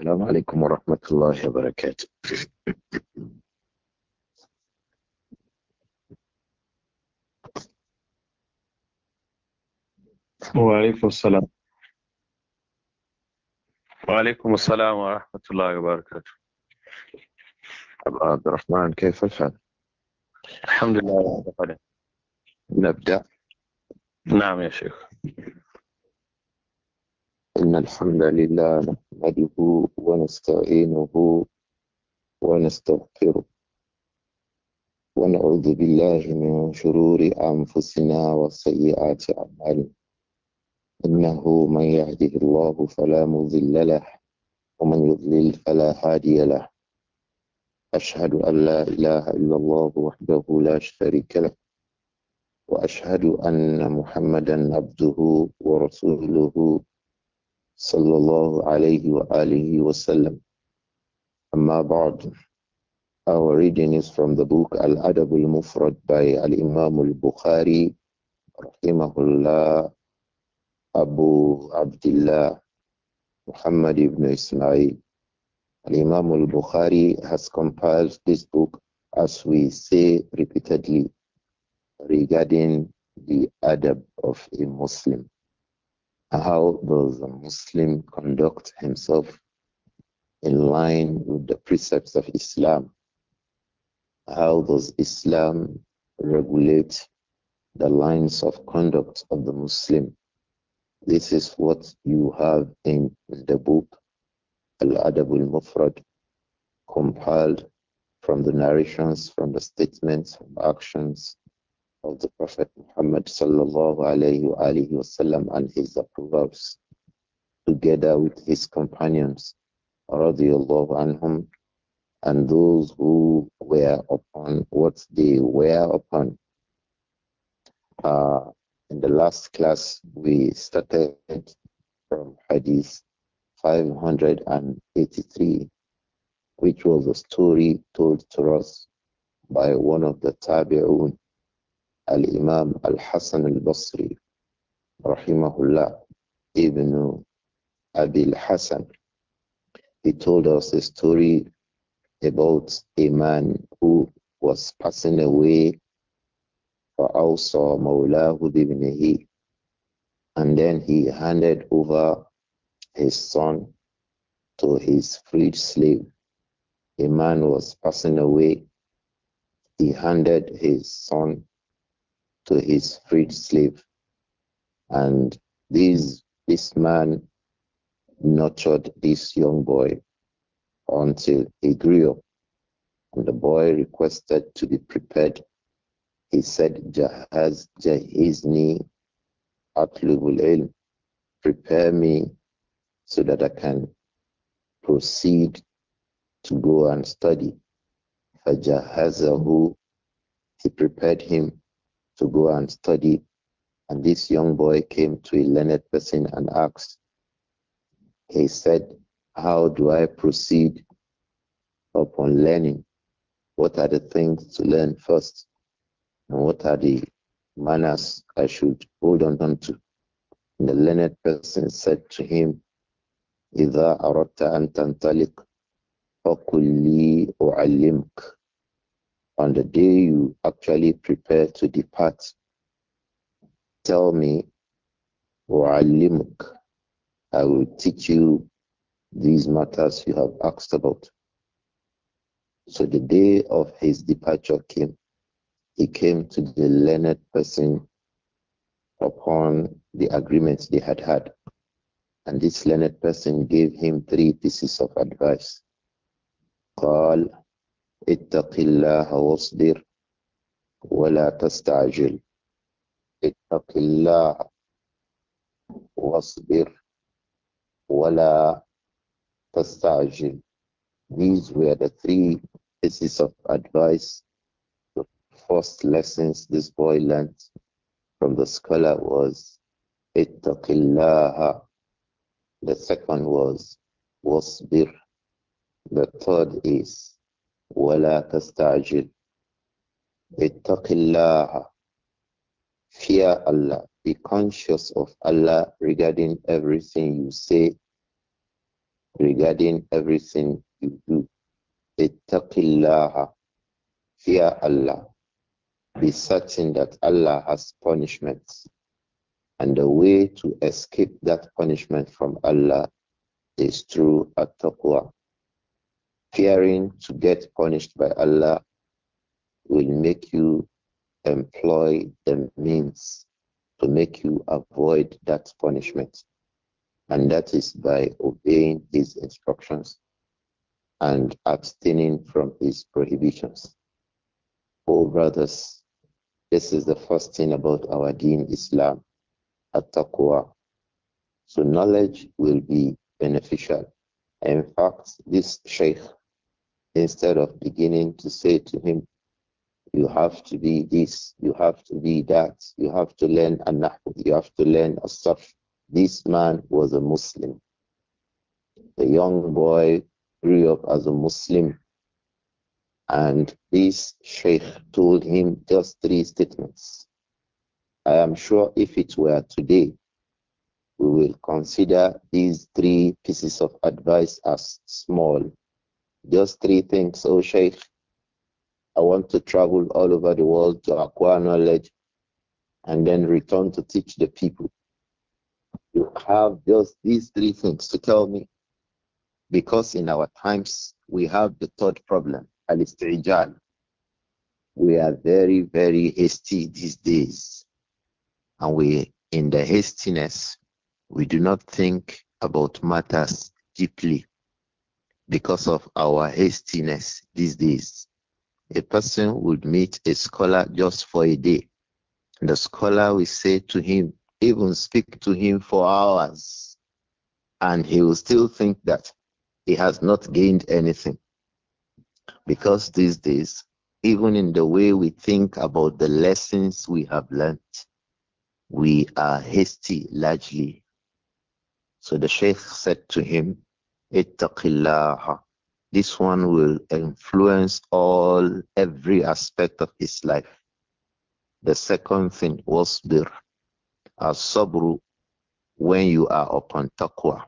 السلام عليكم ورحمة الله وبركاته وعليكم السلام وعليكم السلام ورحمة الله وبركاته أبو عبد الرحمن كيف الحال؟ الحمد لله نبدأ نعم يا شيخ إن الحمد لله نحمده ونستعينه ونستغفره ونعوذ بالله من شرور أنفسنا وسيئات أعمالنا إنه من يهده الله فلا مضل له ومن يضلل فلا هادي له أشهد أن لا إله إلا الله وحده لا شريك له وأشهد أن محمدا عبده ورسوله صلى الله عليه وآله وسلم أما بعد Our reading is from the book Al-Adab al-Mufrad by Al-Imam al-Bukhari rahimahullah Abu Abdullah Muhammad ibn Ismail Al-Imam al-Bukhari has compiled this book as we say repeatedly regarding the adab of a Muslim how does a Muslim conduct himself in line with the precepts of Islam? How does Islam regulate the lines of conduct of the Muslim? This is what you have in the book Al-Adab al-Mufrad compiled from the narrations, from the statements, from the actions of the Prophet Muhammad sallallahu alayhi alihi wasallam and his approvals, together with his companions radiallahu anhum and those who were upon what they were upon. Uh, in the last class, we started from Hadith 583, which was a story told to us by one of the Tabi'un, Al-Imam Al-Hassan Al-Basri Rahimahullah Ibn al Hassan he told us a story about a man who was passing away فأوصى مولاه بابنه and then he handed over his son to his freed slave. A man was passing away. He handed his son to his freed slave. And these, this man nurtured this young boy until he grew up. And the boy requested to be prepared. He said, Jahaz Jahizni prepare me so that I can proceed to go and study. Fajahazahu, he prepared him to go and study. And this young boy came to a learned person and asked, he said, How do I proceed upon learning? What are the things to learn first? And what are the manners I should hold on to? And the learned person said to him, إذا arata أن تنطلق فقل لي on the day you actually prepare to depart, tell me, وَعَلِّمُكَ I will teach you these matters you have asked about. So the day of his departure came. He came to the learned person upon the agreement they had had. And this learned person gave him three pieces of advice. قال اتق الله واصبر ولا تستعجل اتق الله واصبر ولا تستعجل These were the three pieces of advice, the first lessons this boy learned from the scholar was الله. The second was wasbir. The third is ولا تستعجل اتق الله fear Allah be conscious of Allah regarding everything you say regarding everything you do اتق الله fear Allah be certain that Allah has punishments and the way to escape that punishment from Allah is through at-taqwa fearing to get punished by Allah will make you employ the means to make you avoid that punishment. And that is by obeying his instructions and abstaining from his prohibitions. Oh, brothers, this is the first thing about our deen Islam, at taqwa. So knowledge will be beneficial. In fact, this Shaykh instead of beginning to say to him, you have to be this, you have to be that, you have to learn anahu, you have to learn asaf. This man was a Muslim. The young boy grew up as a Muslim, and this sheikh told him just three statements. I am sure if it were today, we will consider these three pieces of advice as small just three things, oh Sheikh. I want to travel all over the world to acquire knowledge and then return to teach the people. You have just these three things to tell me. Because in our times, we have the third problem, al istijal. We are very, very hasty these days. And we, in the hastiness, we do not think about matters deeply because of our hastiness these days. A person would meet a scholar just for a day. the scholar will say to him, even speak to him for hours, and he will still think that he has not gained anything. Because these days, even in the way we think about the lessons we have learnt, we are hasty largely. So the Sheikh said to him, Ittaqillah. This one will influence all, every aspect of his life. The second thing was the As sabru, when you are upon taqwa.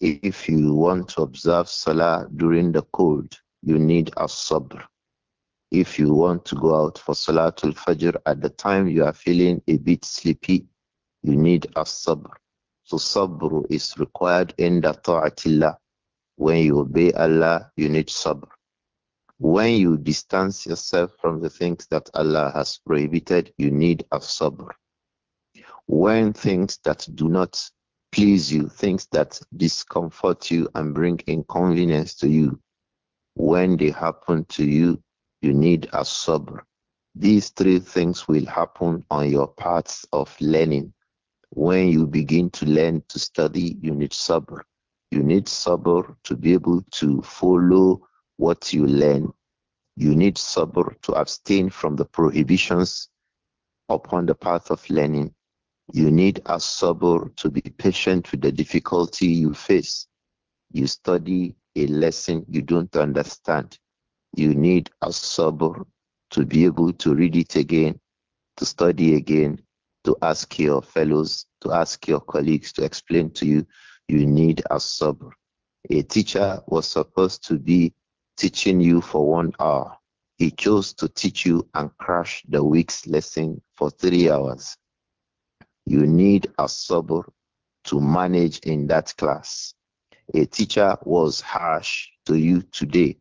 If you want to observe salah during the cold, you need a sabr. If you want to go out for salatul fajr at the time you are feeling a bit sleepy, you need a sabr. So sabr is required in the ta'atillah. When you obey Allah, you need sabr. When you distance yourself from the things that Allah has prohibited, you need a sabr. When things that do not please you, things that discomfort you and bring inconvenience to you, when they happen to you, you need a sabr. These three things will happen on your paths of learning. When you begin to learn to study, you need sabr. You need sabr to be able to follow what you learn. You need sabr to abstain from the prohibitions upon the path of learning. You need a sabr to be patient with the difficulty you face. You study a lesson you don't understand. You need a sabr to be able to read it again, to study again, to ask your fellows, to ask your colleagues to explain to you, you need a sabr. A teacher was supposed to be teaching you for one hour. He chose to teach you and crash the week's lesson for three hours. You need a sabr to manage in that class. A teacher was harsh to you today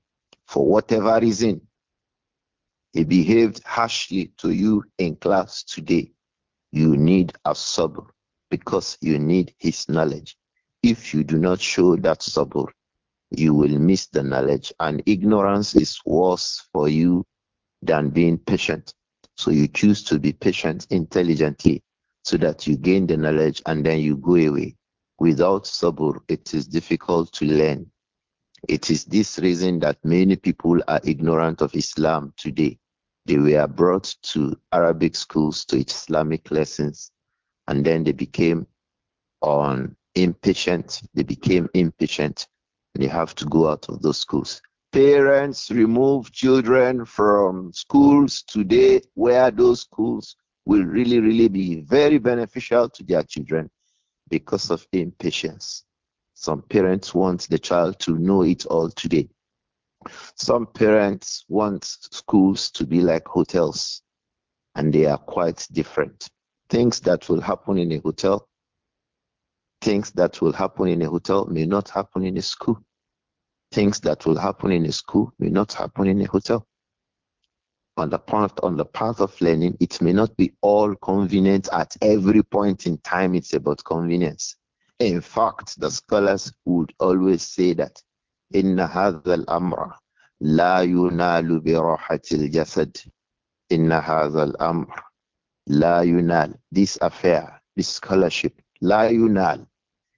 for whatever reason. He behaved harshly to you in class today you need a sabr because you need his knowledge. If you do not show that sabr, you will miss the knowledge, and ignorance is worse for you than being patient. So you choose to be patient intelligently so that you gain the knowledge and then you go away. Without sabr, it is difficult to learn. It is this reason that many people are ignorant of Islam today. They were brought to Arabic schools to Islamic lessons, and then they became on impatient. They became impatient. and They have to go out of those schools. Parents remove children from schools today where those schools will really, really be very beneficial to their children because of impatience. Some parents want the child to know it all today. Some parents want schools to be like hotels, and they are quite different. Things that will happen in a hotel, things that will happen in a hotel may not happen in a school. Things that will happen in a school may not happen in a hotel. On the path on the path of learning, it may not be all convenient at every point in time. It's about convenience. In fact, the scholars would always say that إن هذا الأمر لا ينال براحة الجسد إن هذا الأمر لا ينال this affair this scholarship لا ينال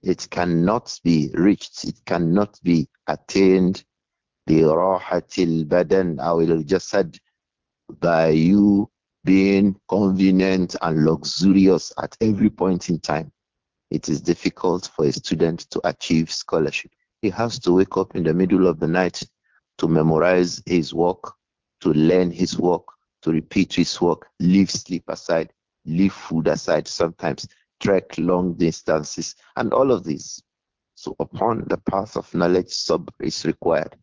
it cannot be reached it cannot be attained براحة البدن أو الجسد by you being convenient and luxurious at every point in time, it is difficult for a student to achieve scholarship. He has to wake up in the middle of the night to memorize his work, to learn his work, to repeat his work, leave sleep aside, leave food aside sometimes, trek long distances, and all of this. So upon the path of knowledge, sabr is required.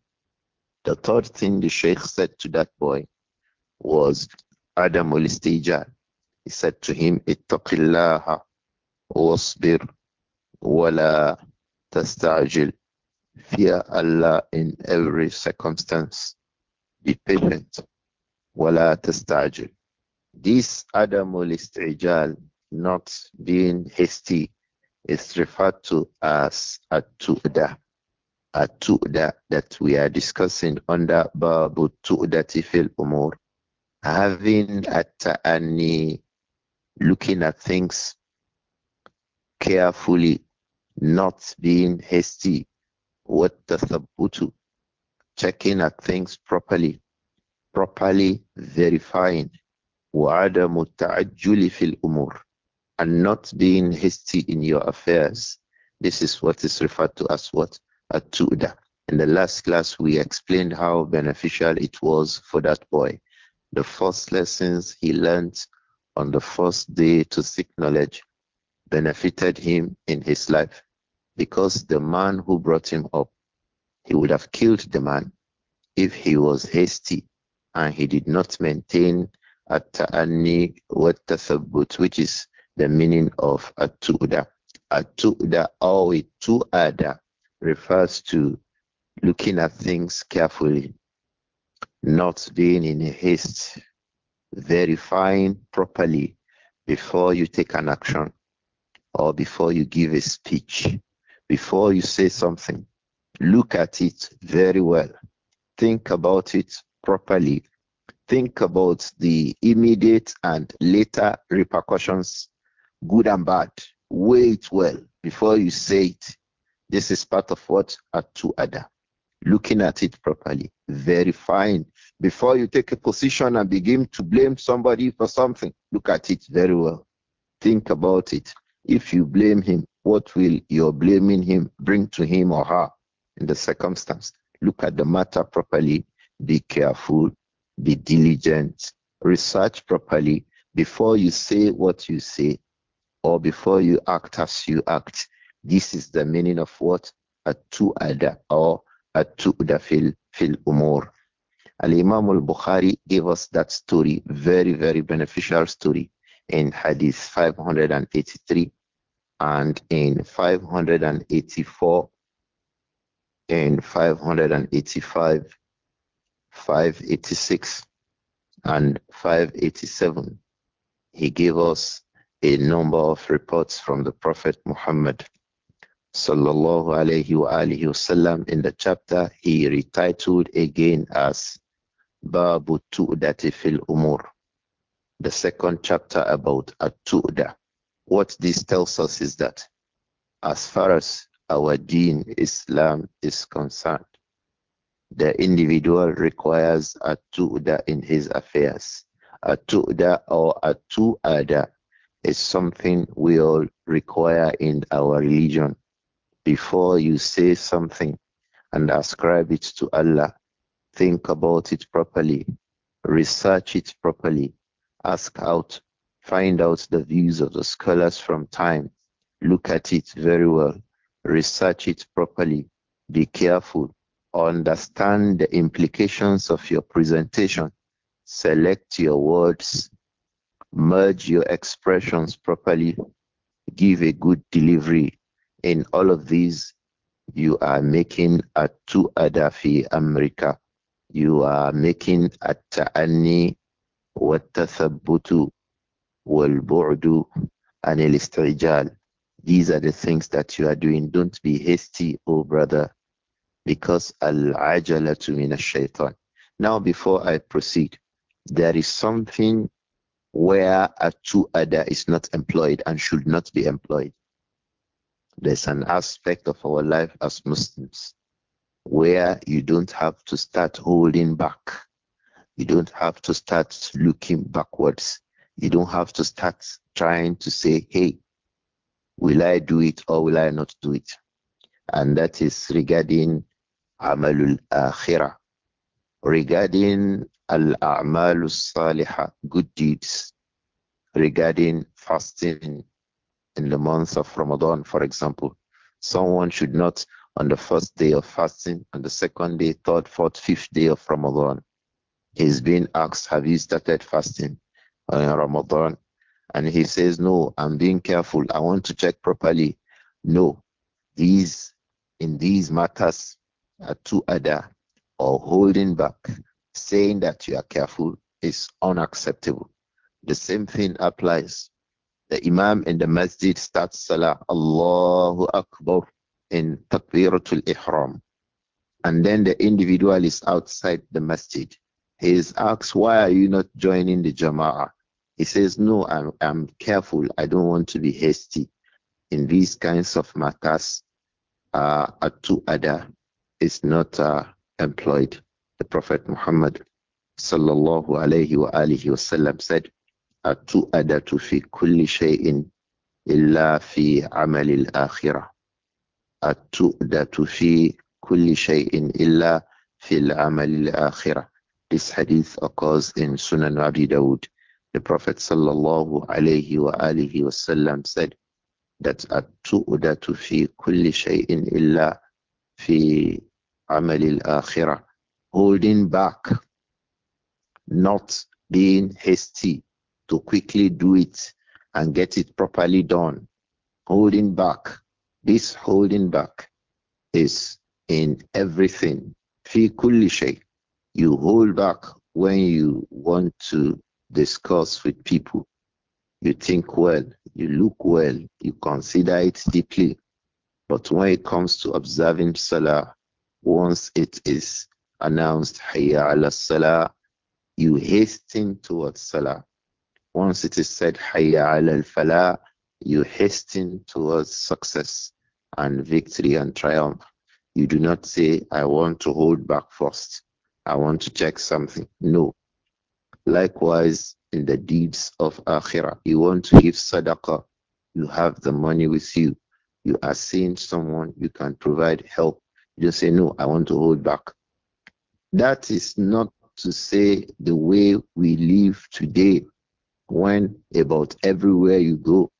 The third thing the Sheikh said to that boy was Adam Ulistijan. He said to him, Ittaqillaha wasbir wala tastajil. Fear Allah in every circumstance. Be patient. Wala tastajil. This Adamul Istijal, not being hasty, is referred to as At-Tu'da. At-Tu'da that we are discussing under Babu Tu'dati fil Umur. Having At-Ta'ani, looking at things carefully, not being hasty, the وَالتَّثَبُّتُ Checking at things properly, properly verifying. وَعَدَمُ التَّعَجُّلِ فِي الْأُمُورِ And not being hasty in your affairs. This is what is referred to as what? At-Tu'da. In the last class, we explained how beneficial it was for that boy. The first lessons he learned on the first day to seek knowledge benefited him in his life because the man who brought him up, he would have killed the man if he was hasty and he did not maintain at-ta'anni wat-tathabbut, which is the meaning of at Atuda At-tu'da or tuada refers to looking at things carefully, not being in haste, verifying properly before you take an action or before you give a speech. Before you say something, look at it very well. Think about it properly. Think about the immediate and later repercussions, good and bad. Weigh it well before you say it. This is part of what at to other. Looking at it properly, very fine. before you take a position and begin to blame somebody for something. Look at it very well. Think about it. If you blame him, what will your blaming him bring to him or her in the circumstance? Look at the matter properly. Be careful. Be diligent. Research properly before you say what you say or before you act as you act. This is the meaning of what at ada or at-tu'da fil, fil umur. Al-Imam al-Bukhari gave us that story, very, very beneficial story in Hadith 583 and in 584, in 585, 586, and 587, he gave us a number of reports from the Prophet Muhammad sallallahu alayhi wa alihi wasallam in the chapter he retitled again as Babu Tu'dati fil Umur, the second chapter about at-Tu'da, what this tells us is that as far as our deen Islam is concerned, the individual requires a tu'da in his affairs. A tu'da or a tu'ada is something we all require in our religion. Before you say something and ascribe it to Allah, think about it properly, research it properly, ask out Find out the views of the scholars from time. Look at it very well. Research it properly. Be careful. Understand the implications of your presentation. Select your words. Merge your expressions properly. Give a good delivery. In all of these, you are making a two adafi America. You are making a ta'ani wa tathabutu. والبعد عن الاستعجال these are the things that you are doing don't be hasty oh brother because al-ajalatu min shaitan now before i proceed there is something where a two is not employed and should not be employed there's an aspect of our life as muslims where you don't have to start holding back you don't have to start looking backwards you don't have to start trying to say, hey, will I do it or will I not do it? And that is regarding Amalul Akhirah. Regarding Al A'malul Salihah, good deeds, regarding fasting in the month of Ramadan, for example, someone should not on the first day of fasting, on the second day, third, fourth, fifth day of Ramadan. He's been asked, Have you started fasting? Uh, Ramadan. And he says, No, I'm being careful. I want to check properly. No, these in these matters are two other or holding back, saying that you are careful is unacceptable. The same thing applies. The Imam in the Masjid starts Salah, Allahu Akbar, in Takbiratul Ihram. And then the individual is outside the Masjid. He is asked, Why are you not joining the Jama'ah? He says, No, I'm, I'm careful. I don't want to be hasty in these kinds of matters. Uh, Atu is not uh, employed. The Prophet Muhammad sallallahu alayhi wa alihi wasallam said, other to fi kulli shay'in illa fi al akhirah. other to fi kulli shay'in illa fil al akhirah. This hadith occurs in Sunan Abi Dawud the Prophet sallallahu alayhi wa alihi wasallam said that at-tu'udatu fi kulli shay'in illa fi amal al-akhirah. Holding back, not being hasty to quickly do it and get it properly done. Holding back. This holding back is in everything. Fi kulli shay. You hold back when you want to discuss with people. You think well, you look well, you consider it deeply. But when it comes to observing Salah, once it is announced Hayya ala Salah, you hasten towards Salah. Once it is said Hayya ala Falah, you hasten towards success and victory and triumph. You do not say, I want to hold back first. I want to check something. No. Likewise, in the deeds of Akhirah, you want to give sadaqah, you have the money with you. You are seeing someone, you can provide help. You just say, No, I want to hold back. That is not to say the way we live today, when about everywhere you go,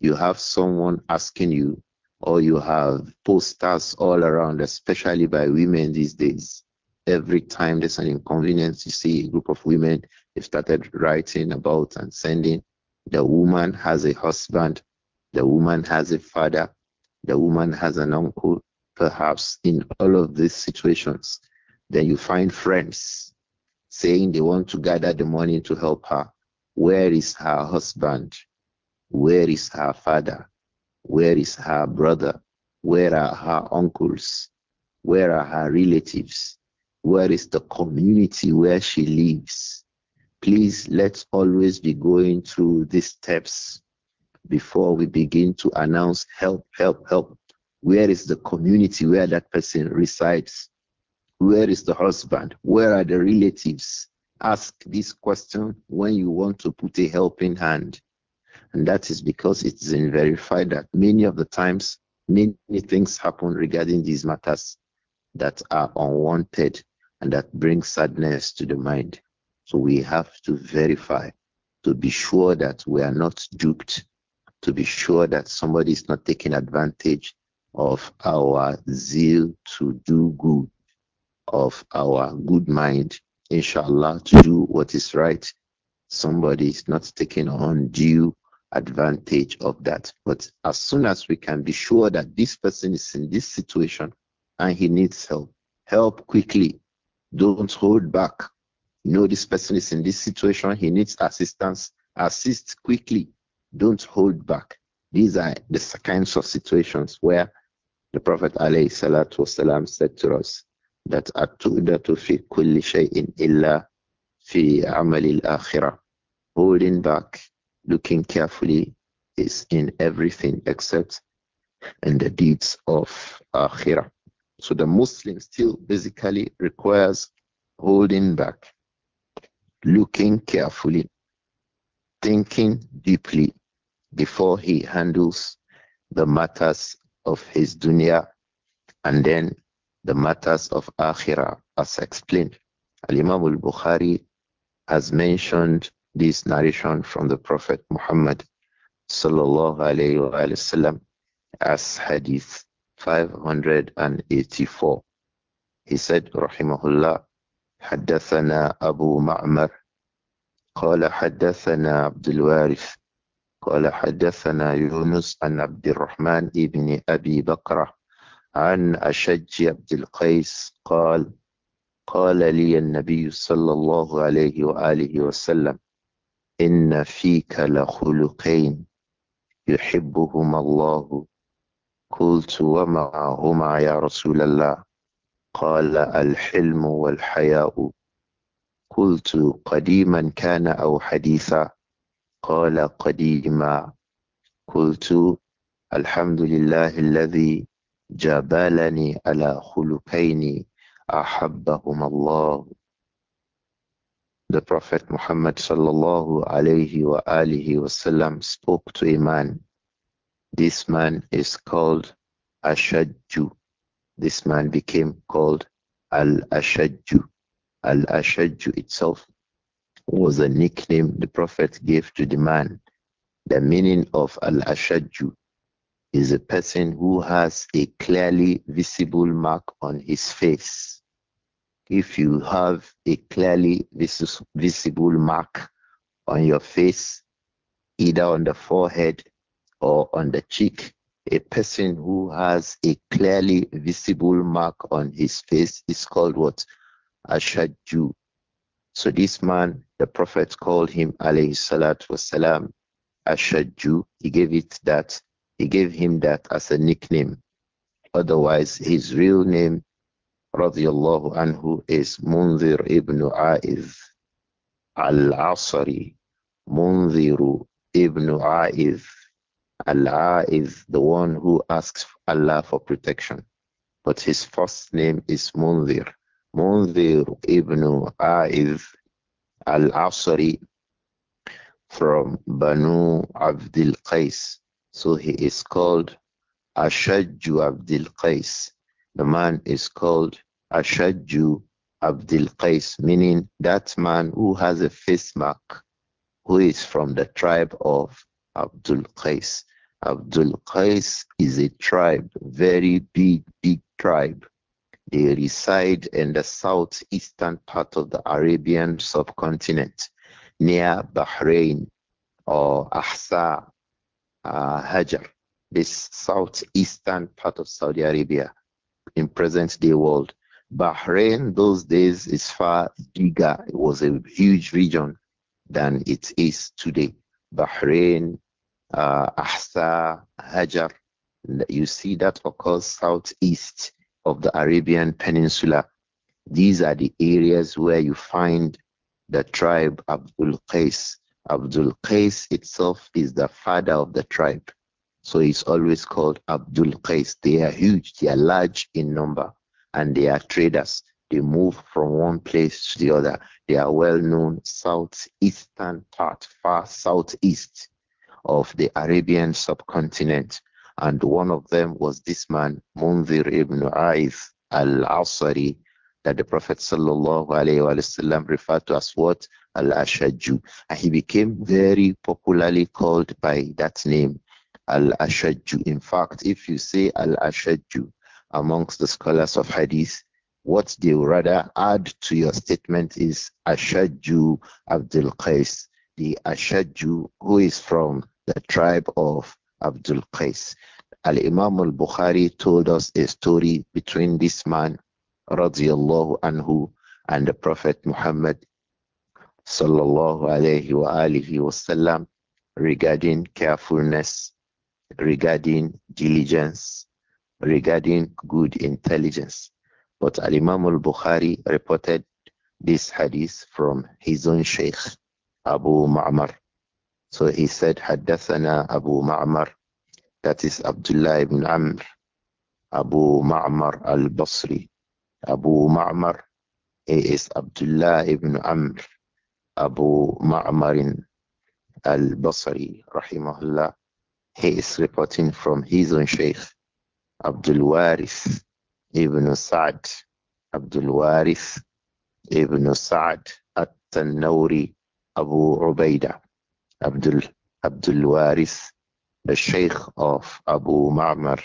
you have someone asking you, or you have posters all around, especially by women these days every time there's an inconvenience, you see a group of women, they've started writing about and sending. The woman has a husband, the woman has a father, the woman has an uncle, perhaps in all of these situations. Then you find friends saying they want to gather the money to help her. Where is her husband? Where is her father? Where is her brother? Where are her uncles? Where are her relatives? Where is the community where she lives? Please let's always be going through these steps before we begin to announce help, help, help. Where is the community where that person resides? Where is the husband? Where are the relatives? Ask this question when you want to put a helping hand. And that is because it is verified that many of the times, many things happen regarding these matters that are unwanted and that brings sadness to the mind. So we have to verify to be sure that we are not duped, to be sure that somebody is not taking advantage of our zeal to do good, of our good mind, inshallah, to do what is right. Somebody is not taking undue advantage of that. But as soon as we can be sure that this person is in this situation and he needs help, help quickly don't hold back. You know, this person is in this situation, he needs assistance. Assist quickly. Don't hold back. These are the kinds of situations where the Prophet والسلام, said to us that Atudatu fi kulli shay'in illa fi amalil akhirah. Holding back, looking carefully is in everything except in the deeds of akhirah. So the Muslim still basically requires holding back, looking carefully, thinking deeply before he handles the matters of his dunya and then the matters of akhirah as explained. Al-Imam al-Bukhari has mentioned this narration from the Prophet Muhammad sallallahu alayhi wa sallam as hadith 584. He said, Rahimahullah, حدثنا أبو معمر قال حدثنا عبد الوارث قال حدثنا يونس عن عبد الرحمن ابن أبي بكرة عن أشج عبد القيس قال قال لي النبي صلى الله عليه وآله وسلم إن فيك لخلقين يحبهما الله قلت ومعهما يا رسول الله قال الحلم والحياء قلت قديما كان أو حديثا قال قديما قلت الحمد لله الذي جبلني على خلقين أحبهما الله The Prophet Muhammad sallallahu alayhi wa alihi wasallam spoke to a man this man is called Ashadju. This man became called Al Ashadju. Al Ashadju itself was a nickname the Prophet gave to the man. The meaning of Al Ashadju is a person who has a clearly visible mark on his face. If you have a clearly vis visible mark on your face, either on the forehead or on the cheek, a person who has a clearly visible mark on his face is called what? Ashadju. So this man, the Prophet called him alayhi salatu wasalam Ashadju. He gave it that, he gave him that as a nickname. Otherwise, his real name, radiallahu anhu, is Munzir ibn Aiz al-Asri. Munziru ibn Aiz Allah is the one who asks Allah for protection. But his first name is Munzir. Munzir ibn A'iz al-Asri from Banu Abdul Qais. So he is called Ashadju Abdul Qais. The man is called Ashadju Abdul Qais, meaning that man who has a face mark, who is from the tribe of Abdul Qais. Abdul Qais is a tribe, very big, big tribe. They reside in the southeastern part of the Arabian subcontinent, near Bahrain or Ahsa, uh, Hajar, this southeastern part of Saudi Arabia in present day world. Bahrain, those days, is far bigger. It was a huge region than it is today. Bahrain uh, Ahsa, Hajar. You see that occurs southeast of the Arabian Peninsula. These are the areas where you find the tribe Abdul Qais. Abdul Qais itself is the father of the tribe. So it's always called Abdul Qais. They are huge, they are large in number, and they are traders. They move from one place to the other. They are well known southeastern part, far southeast of the Arabian subcontinent. And one of them was this man, Munzir ibn Aiz al-Asari, that the Prophet wasallam referred to as what? al Ashadju, And he became very popularly called by that name, al Ashadju. In fact, if you say al Ashadju amongst the scholars of Hadith, what they would rather add to your statement is Ashadju Abdul Qais the Ashadju, who is from the tribe of Abdul Qais. Al Imam al Bukhari told us a story between this man, radiallahu anhu, and the Prophet Muhammad, sallallahu alayhi wa alihi wasallam, regarding carefulness, regarding diligence, regarding good intelligence. But Al Imam al Bukhari reported this hadith from his own Shaykh, Abu Ma'mar. So he said, Haddathana Abu Ma'mar, that is Abdullah ibn Amr, Abu Ma'mar al-Basri. Abu Ma'mar, he is Abdullah ibn Amr, Abu Ma'mar al-Basri, rahimahullah. He is reporting from his own sheikh, Abdul Waris ibn Sa'd, Abdul Waris ibn Sa'd at-Tanawri Abu Ubaidah, Abdul, Abdul Waris, the Sheikh of Abu Ma'mar.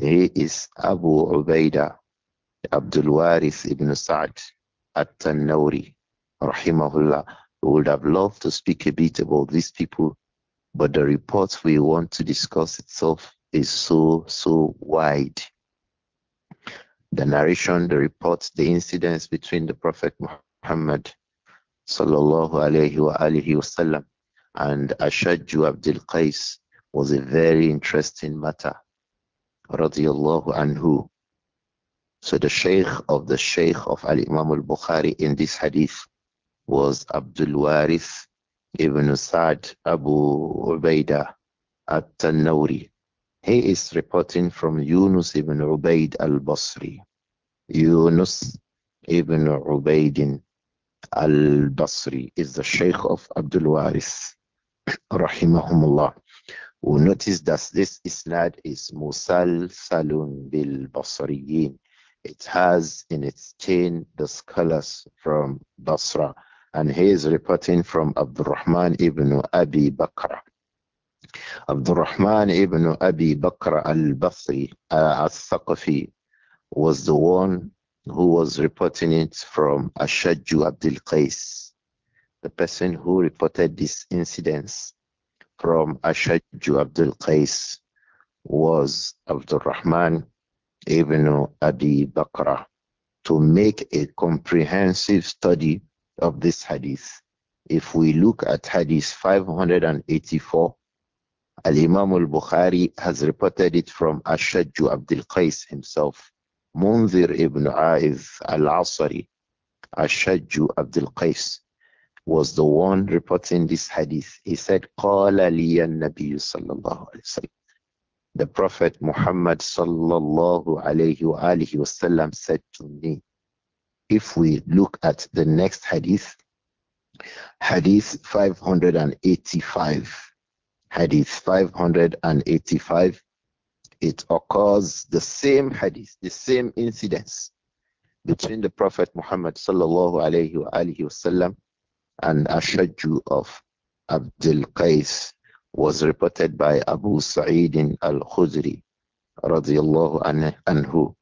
He is Abu Ubaidah, Abdul Waris ibn Sa'd at-Tanawri, rahimahullah. We would have loved to speak a bit about these people, but the report we want to discuss itself is so, so wide. The narration, the reports, the incidents between the Prophet Muhammad sallallahu alayhi wa alihi wasallam. And Ashadju Abdul Qais was a very interesting matter, radiallahu anhu. So the Shaykh of the Shaykh of Al Imam al Bukhari in this hadith was Abdul Warith ibn Sa'd Abu Ubaidah at He is reporting from Yunus ibn Ubaid al Basri. Yunus ibn Ubaidin al-Basri is the Sheikh of Abdul Waris, rahimahumullah. We notice that this isnad is Musal Salun bil Basriyin. It has in its chain the scholars from Basra, and he is reporting from Rahman ibn Abi Bakr. Rahman ibn Abi Bakr al-Basri uh, al-Thaqafi was the one who was reporting it from Ashadju Abdul Qais, the person who reported this incident from Ashadju Abdul Qais was Abdul Rahman ibn Abi Bakra to make a comprehensive study of this hadith. If we look at hadith 584, Al Imam al Bukhari has reported it from Ashadju Abdul Qais himself. Munzir ibn Aiz al-Asari, Ashadju Abdul Qais, was the one reporting this hadith. He said, قال لي النبي صلى الله عليه وسلم. The Prophet Muhammad sallallahu alayhi wa alihi wasallam said to me, if we look at the next hadith, hadith 585, hadith 585, it occurs the same hadith, the same incidents between the Prophet Muhammad sallallahu alayhi wa alihi wasallam and Ashadju of Abdul Qais was reported by Abu Sa'id al-Khudri radiyallahu anhu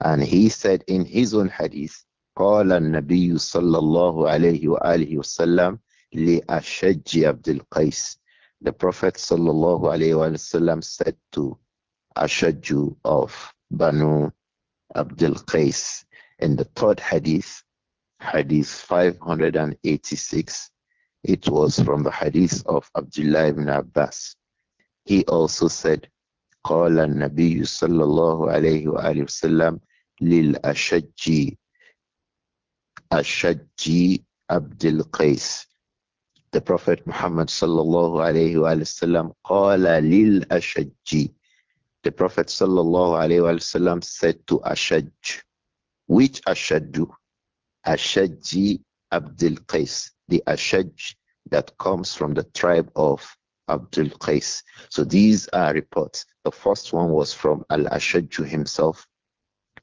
and he said in his own hadith قال النبي صلى الله عليه وآله وسلم لأشج عبد القيس The Prophet صلى الله عليه وسلم said to Ashadju of Banu Abdul Qais. and the third hadith, hadith 586, it was from the hadith of Abdullah ibn Abbas. He also said, قال النبي صلى Alayhi عليه وآله وسلم للأشجي Ashadji Abdul Qais. The Prophet Muhammad sallallahu alayhi wa sallam qala lil Ashadji. The Prophet وسلم, said to Ashaj, which Ashadu? Ashadji Abdul Qais, the Ashaj that comes from the tribe of Abdul Qais. So these are reports. The first one was from Al Ashadu himself.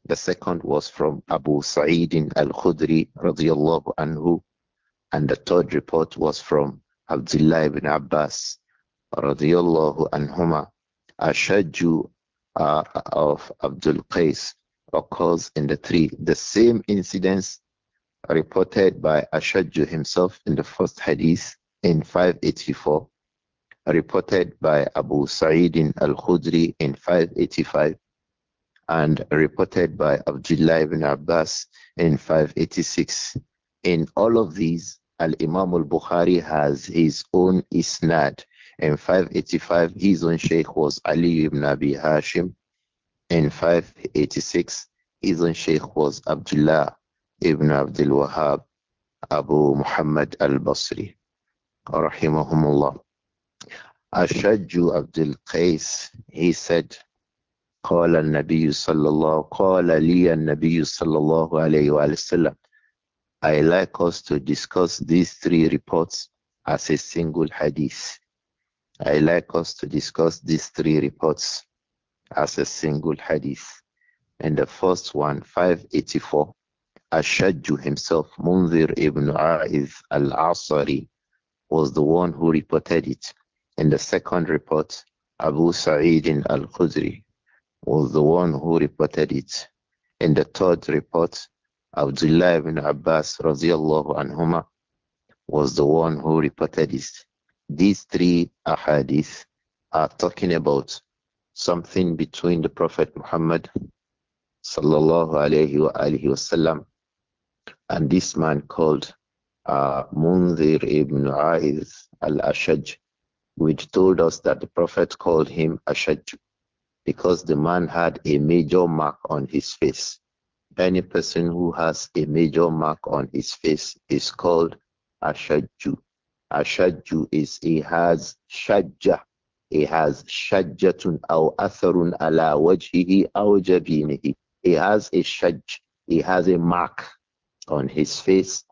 The second was from Abu Sa'id Al Khudri radiallahu anhu. And the third report was from Abdullah ibn Abbas radiallahu anhuma. Ashadju uh, of Abdul Qais occurs in the three. The same incidents reported by Ashadju himself in the first hadith in 584, reported by Abu Sa'id al Khudri in 585, and reported by Abdullah ibn Abbas in 586. In all of these, Al Imam al Bukhari has his own isnad, in 585, his own sheikh was Ali ibn Abi Hashim. In 586, his own sheikh was Abdullah ibn Abdul Wahab Abu Muhammad al-Basri. Rahimahumullah. Ashadju Abdul Qais, he said, قال النبي صلى الله قال لي النبي صلى الله عليه وسلم I like us to discuss these three reports as a single hadith. I like us to discuss these three reports as a single hadith. And the first one, 584, Ashadju himself, Munzir ibn A'iz al-Asari, was the one who reported it. In the second report, Abu Sa'id al-Khudri was the one who reported it. In the third report, Abdullah ibn Abbas radiallahu anhuma was the one who reported it. These three ahadith are talking about something between the Prophet Muhammad sallallahu alayhi wa alihi wasallam and this man called uh, Munzir ibn Aiz al-Ashaj which told us that the Prophet called him Ashaj because the man had a major mark on his face. Any person who has a major mark on his face is called Ashaju. Ashadju is he has shajja. He has shajjatun aw atharun ala wajhihi aw jabinihi. He has a He has a mark on his face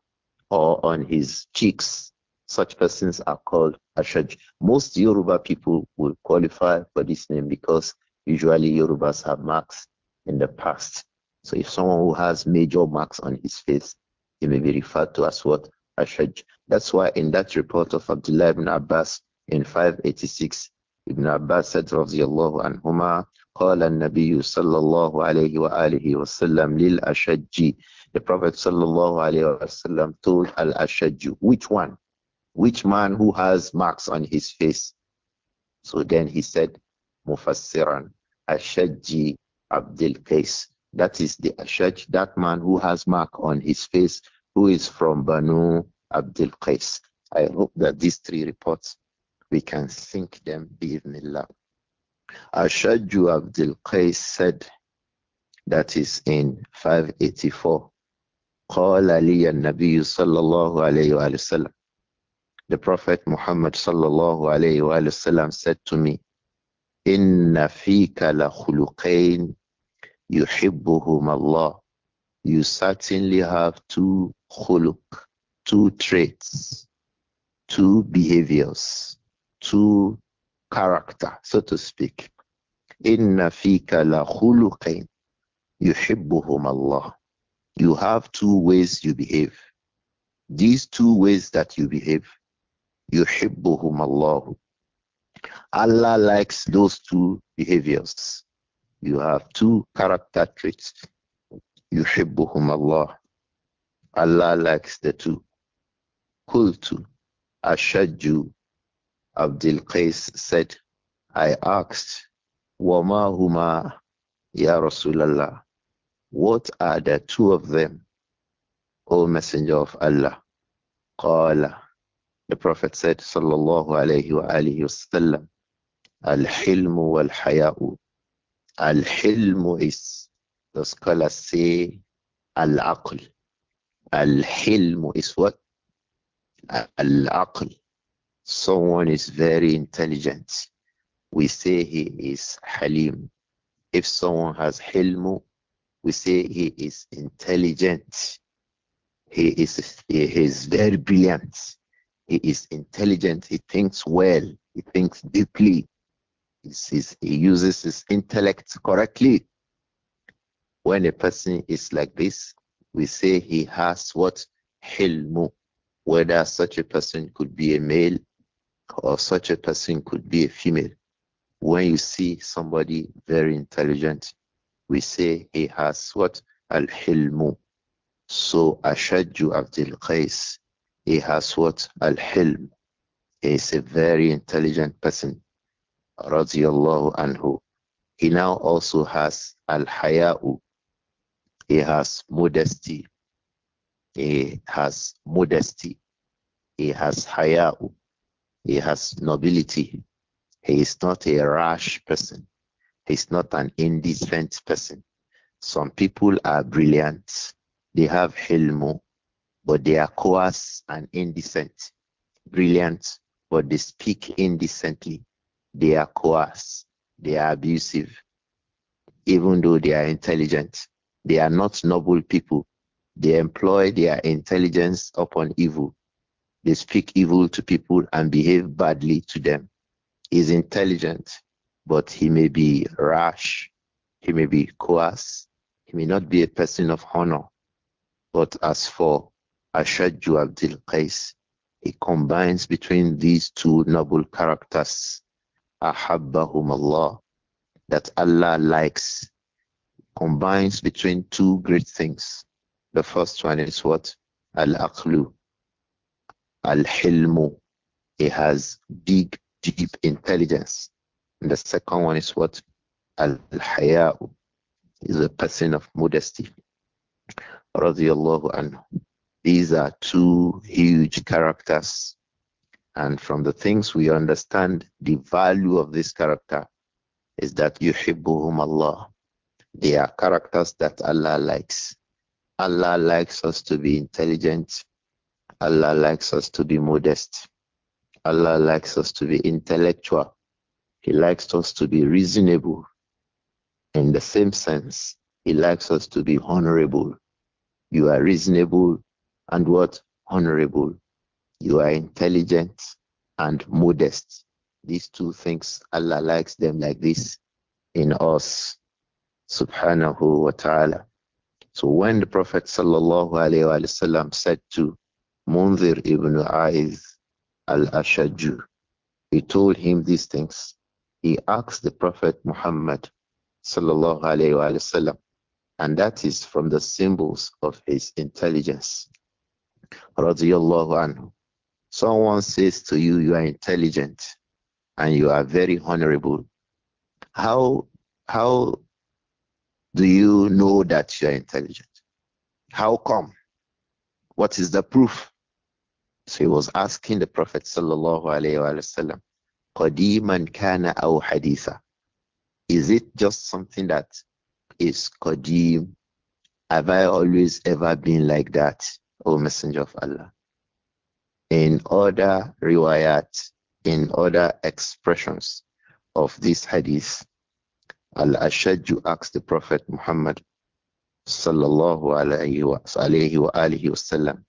or on his cheeks. Such persons are called ashaj. Most Yoruba people will qualify for this name because usually Yorubas have marks in the past. So if someone who has major marks on his face, he may be referred to as what? Ashaj. That's why in that report of Abdullah ibn Abbas in 586, Ibn Abbas said, رضي الله عنهما, قال النبي صلى الله عليه وآله وسلم للأشج The Prophet صلى الله عليه وسلم told Al-Ashaj, which one? Which man who has marks on his face? So then he said, Mufassiran, Ashajji Abdul Qais. That is the Ashaj, that man who has mark on his face who is from Banu Abdul Qais. I hope that these three reports we can sink them bismillah. Ashadju Abdul Qais said that is in 584. Qala li sallallahu alayhi wa sallam. The Prophet Muhammad Salallahu alayhi wa sallam said to me, Inna fika la khuluqayn yuhibbuhum Allah you certainly have two khuluk, two traits, two behaviors, two character, so to speak. Inna fika la khuluqin yuhibbuhum Allah. You have two ways you behave. These two ways that you behave, yuhibbuhum Allah. Allah likes those two behaviors. You have two character traits Yuhibbuhum Allah. Allah likes the two. Kultu Ashadju Abdul Qais said, I asked, Wama huma Ya Rasulallah, what are the two of them, O Messenger of Allah? Qala, the Prophet said, Sallallahu alayhi wa alihi wasallam, Al-Hilmu wal-Haya'u. Al-Hilmu is the scholars say Al-Aql. Al-Hilm is what? Al-Aql. Someone is very intelligent. We say he is Halim. If someone has halim, we say he is intelligent. He is, he is very brilliant. He is intelligent. He thinks well. He thinks deeply. He, he uses his intellect correctly. When a person is like this, we say he has what? Hilmu. Whether such a person could be a male or such a person could be a female. When you see somebody very intelligent, we say he has what? Al-Hilmu. So Ashadju Abdul Qais, he has what? Al-Hilm. He is a very intelligent person. Radiallahu anhu. He now also has Al-Haya'u. He has modesty. He has modesty. He has haya. He has nobility. He is not a rash person. He is not an indecent person. Some people are brilliant. They have hilmu, but they are coarse and indecent. Brilliant, but they speak indecently. They are coarse. They are abusive, even though they are intelligent. They are not noble people. They employ their intelligence upon evil. They speak evil to people and behave badly to them. He is intelligent, but he may be rash. He may be coarse. He may not be a person of honor. But as for Ashadju Abdul Qais, he combines between these two noble characters. Ahabbahum Allah, that Allah likes combines between two great things. The first one is what? Al Aqlu. Al Hilmu. He has big, deep intelligence. And the second one is what? Al Haya'u. is a person of modesty. Radiallahu anhu. These are two huge characters. And from the things we understand, the value of this character is that yuhibbuhum Allah. They are characters that Allah likes. Allah likes us to be intelligent. Allah likes us to be modest. Allah likes us to be intellectual. He likes us to be reasonable. In the same sense, He likes us to be honorable. You are reasonable and what? Honorable. You are intelligent and modest. These two things, Allah likes them like this in us subhanahu wa ta'ala. So when the Prophet sallallahu alayhi wa said to Munzir ibn Aiz al-Ashaju, he told him these things. He asked the Prophet Muhammad sallallahu alayhi wa and that is from the symbols of his intelligence. Radiallahu anhu. Someone says to you, you are intelligent and you are very honorable. How how do you know that you are intelligent? How come? What is the proof? So he was asking the Prophet sallallahu alaihi wasallam, "Qadiman kana aw haditha." Is it just something that is qadim? Have I always ever been like that, O Messenger of Allah? In other riwayat, in other expressions of this hadith, Al Ashaju asked the Prophet Muhammad sallallahu alayhi wa, alayhi wa wasallam,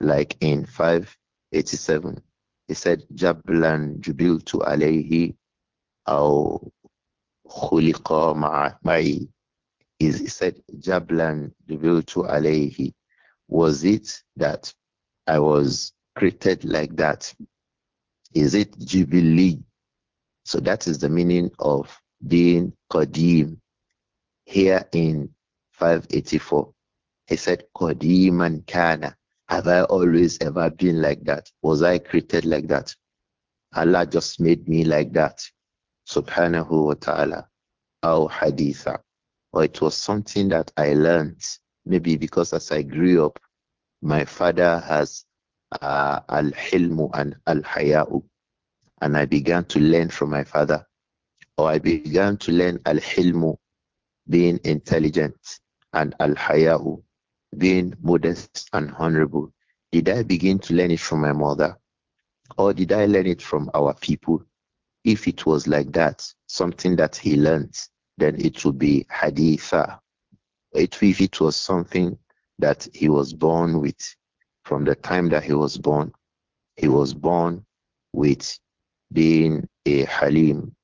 like in 587. He said, Jablan jubiltu alayhi aw khuliqa ma'i. He said, Jablan jubiltu alayhi. Was it that I was created like that? Is it jubilee? So that is the meaning of being Qadim here in 584. He said, Qadiman Kana. Have I always ever been like that? Was I created like that? Allah just made me like that. Subhanahu wa ta'ala. Aw haditha. Or it was something that I learned, maybe because as I grew up, my father has uh, al-hilmu and al-haya'u. And I began to learn from my father or I began to learn al hilmu, being intelligent, and al hayahu, being modest and honorable. Did I begin to learn it from my mother? Or did I learn it from our people? If it was like that, something that he learned, then it would be haditha. if it was something that he was born with, from the time that he was born, he was born with being a halim,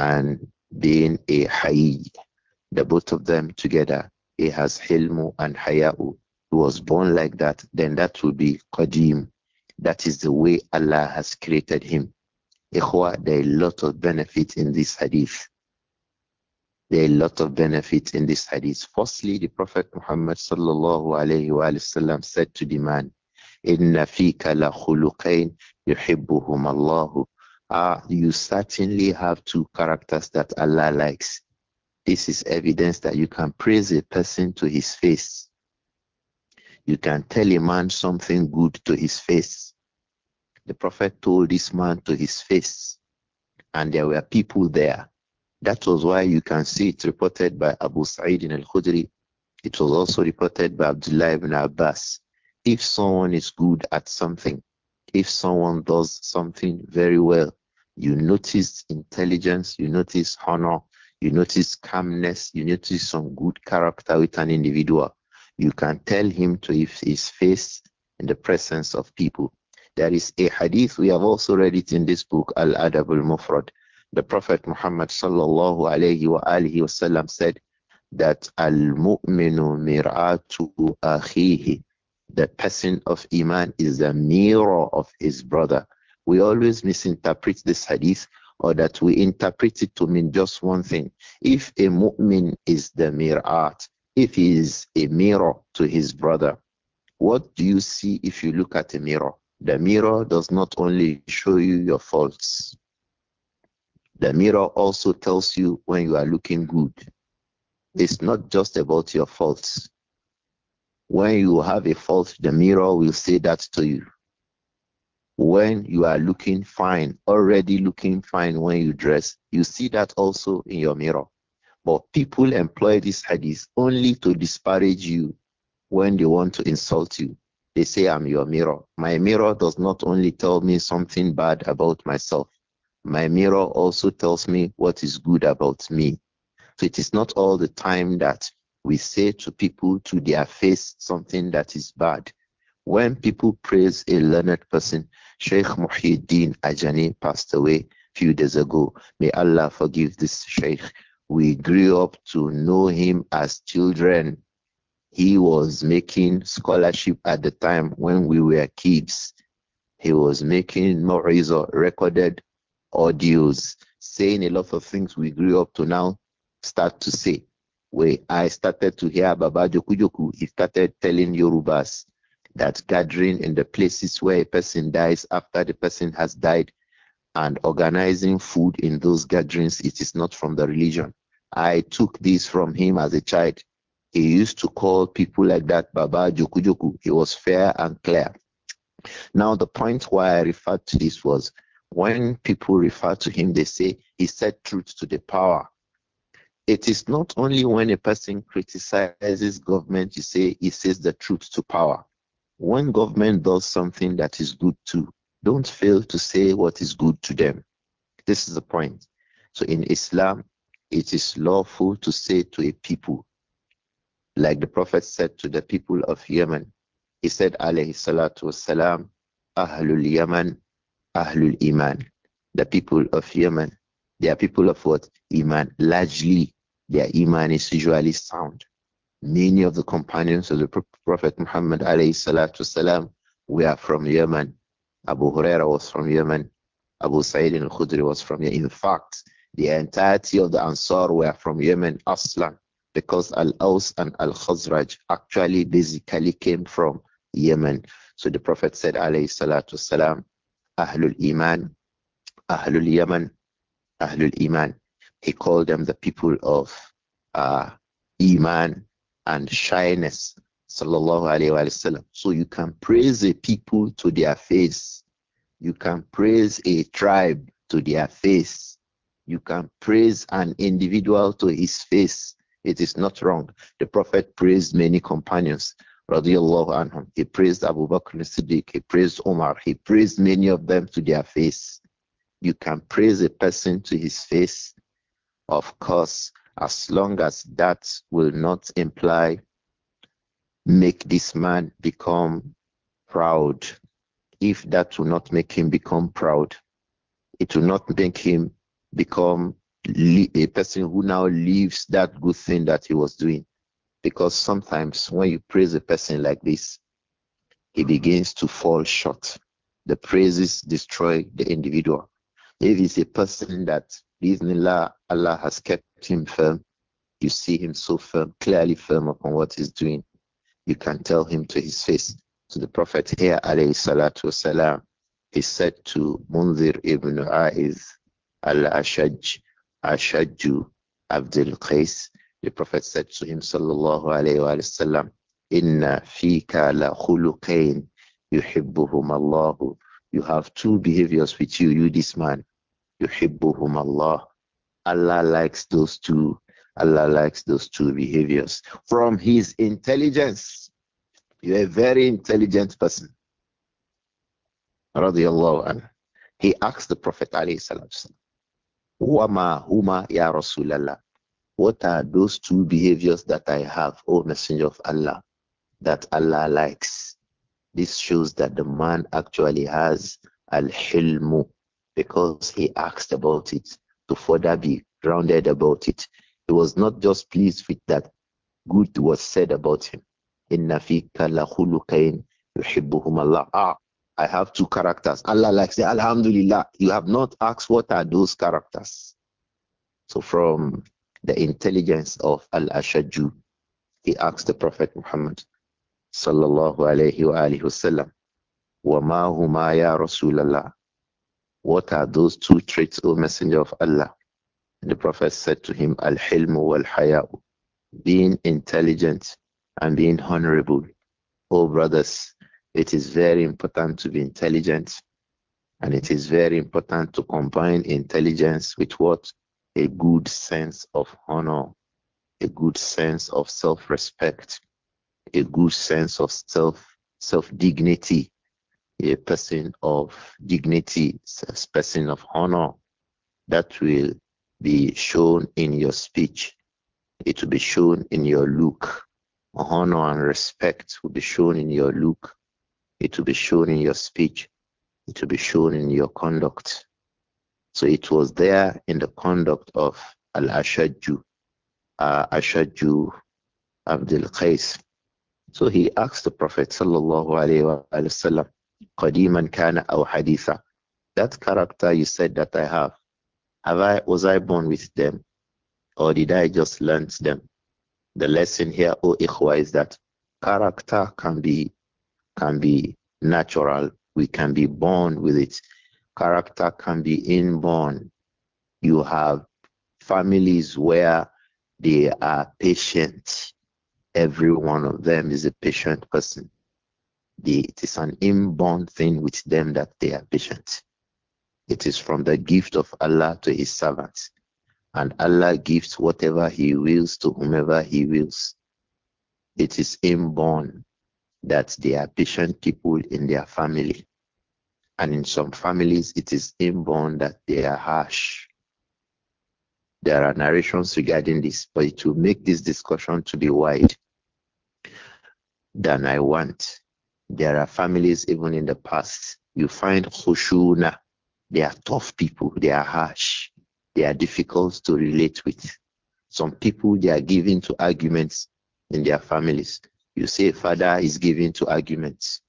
and being a hayy. The both of them together, he has hilmu and hayau. He was born like that, then that will be qadim. That is the way Allah has created him. Ikhwa, there are a lot of benefit in this hadith. There are a lot of benefit in this hadith. Firstly, the Prophet Muhammad sallallahu alayhi wa sallam said to the man, إِنَّ فِيكَ لَخُلُقَيْنِ يُحِبُّهُمَ اللَّهُ uh, you certainly have two characters that Allah likes. This is evidence that you can praise a person to his face. You can tell a man something good to his face. The Prophet told this man to his face, and there were people there. That was why you can see it reported by Abu Sa'id al Khudri. It was also reported by Abdullah ibn Abbas. If someone is good at something, if someone does something very well, you notice intelligence, you notice honor, you notice calmness, you notice some good character with an individual. You can tell him to his face in the presence of people. There is a hadith, we have also read it in this book, Al Adab al Mufrad. The Prophet Muhammad sallallahu alayhi wa alihi wasallam said that Al Mu'minu mir'atu akhihi. The person of Iman is the mirror of his brother we always misinterpret this hadith or that we interpret it to mean just one thing. If a mu'min is the mir'at, if he is a mirror to his brother, what do you see if you look at a mirror? The mirror does not only show you your faults, the mirror also tells you when you are looking good. It's not just about your faults. When you have a fault, the mirror will say that to you when you are looking fine, already looking fine when you dress. You see that also in your mirror. But people employ this hadith only to disparage you when they want to insult you. They say, I'm your mirror. My mirror does not only tell me something bad about myself, my mirror also tells me what is good about me. So it is not all the time that we say to people to their face something that is bad. When people praise a learned person, Sheikh Muhyiddin Ajani passed away a few days ago. May Allah forgive this Sheikh. We grew up to know him as children. He was making scholarship at the time when we were kids. He was making Morizo recorded audios, saying a lot of things we grew up to now start to say. Where I started to hear Baba Jokujoku, he started telling Yorubas that gathering in the places where a person dies after the person has died and organizing food in those gatherings, it is not from the religion. I took this from him as a child. He used to call people like that Baba Joku Joku. He was fair and clear. Now, the point why I referred to this was when people refer to him, they say he said truth to the power. It is not only when a person criticizes government, you say he says the truth to power. When government does something that is good to, don't fail to say what is good to them. This is the point. So in Islam, it is lawful to say to a people, like the Prophet said to the people of Yemen, he said, alayhi salatu wasalam, Ahlul Yemen, Ahlul Iman. The people of Yemen, they are people of what? Iman. Largely, their Iman is usually sound. Many of the companions of the Prophet Muhammad والسلام, were from Yemen. Abu Huraira was from Yemen. Abu Sa'id al-Khudri was from Yemen. In fact, the entirety of the Ansar were from Yemen, Aslan, because Al-Aus and Al-Khazraj actually basically came from Yemen. So the Prophet said, alayhi salatu salam, Ahlul Iman, Ahlul Yemen, Ahlul Iman. He called them the people of uh, Iman, and shyness. Sallallahu alayhi so you can praise a people to their face. You can praise a tribe to their face. You can praise an individual to his face. It is not wrong. The Prophet praised many companions. Anhum. He praised Abu Bakr Siddiq, he praised Omar, he praised many of them to their face. You can praise a person to his face, of course, as long as that will not imply make this man become proud. If that will not make him become proud, it will not make him become a person who now leaves that good thing that he was doing. Because sometimes when you praise a person like this, he begins to fall short. The praises destroy the individual. If it's a person that Bismillah, Allah has kept him firm. You see him so firm, clearly firm upon what he's doing. You can tell him to his face. To the Prophet here, alayhi salatu wasalam, he said to Munzir ibn Aiz al-Ashaj, Ashaju Abdul Qais, the Prophet said to him, sallallahu alayhi wa sallam, Inna fika la khuluqain yuhibbuhum Allah. You have two behaviors with you, you this man. Yuhibbuhum Allah Allah likes those two. Allah likes those two behaviors. From his intelligence, you're a very intelligent person. Radiallahu anhu. He asked the Prophet Wama huma ya Rasulallah. What are those two behaviors that I have, O Messenger of Allah, that Allah likes? This shows that the man actually has al-hilmu because he asked about it to further be grounded about it. He was not just pleased with that good was said about him. Inna fika la kain, Allah. Ah, I have two characters. Allah likes the Alhamdulillah. You have not asked what are those characters. So from the intelligence of Al-Ashaju, he asked the Prophet Muhammad sallallahu alayhi wa alihi wasallam, wa ma يَا ya اللَّهِ what are those two traits, O Messenger of Allah? And the Prophet said to him, Al Hilmu wal Haya'u, being intelligent and being honorable. O brothers, it is very important to be intelligent and it is very important to combine intelligence with what? A good sense of honor, a good sense of self respect, a good sense of self self dignity, a person of dignity, a person of honor. That will be shown in your speech. It will be shown in your look. Honor and respect will be shown in your look. It will be shown in your speech. It will be shown in your conduct. So it was there in the conduct of Al Ashadju, uh, Ashadju Abdul Qais. So he asked the Prophet sallallahu alaihi wasallam, قديما kana أو haditha. that character you said that I have have I was I born with them or did I just learn them the lesson here O ikhwa is that character can be can be natural we can be born with it character can be inborn you have families where they are patient every one of them is a patient person it is an inborn thing with them that they are patient. It is from the gift of Allah to His servants. And Allah gives whatever He wills to whomever He wills. It is inborn that they are patient people in their family. And in some families, it is inborn that they are harsh. There are narrations regarding this, but to make this discussion to be wide than I want. There are families even in the past, you find khushuna. They are tough people, they are harsh, they are difficult to relate with. Some people they are given to arguments in their families. You say father is given to arguments.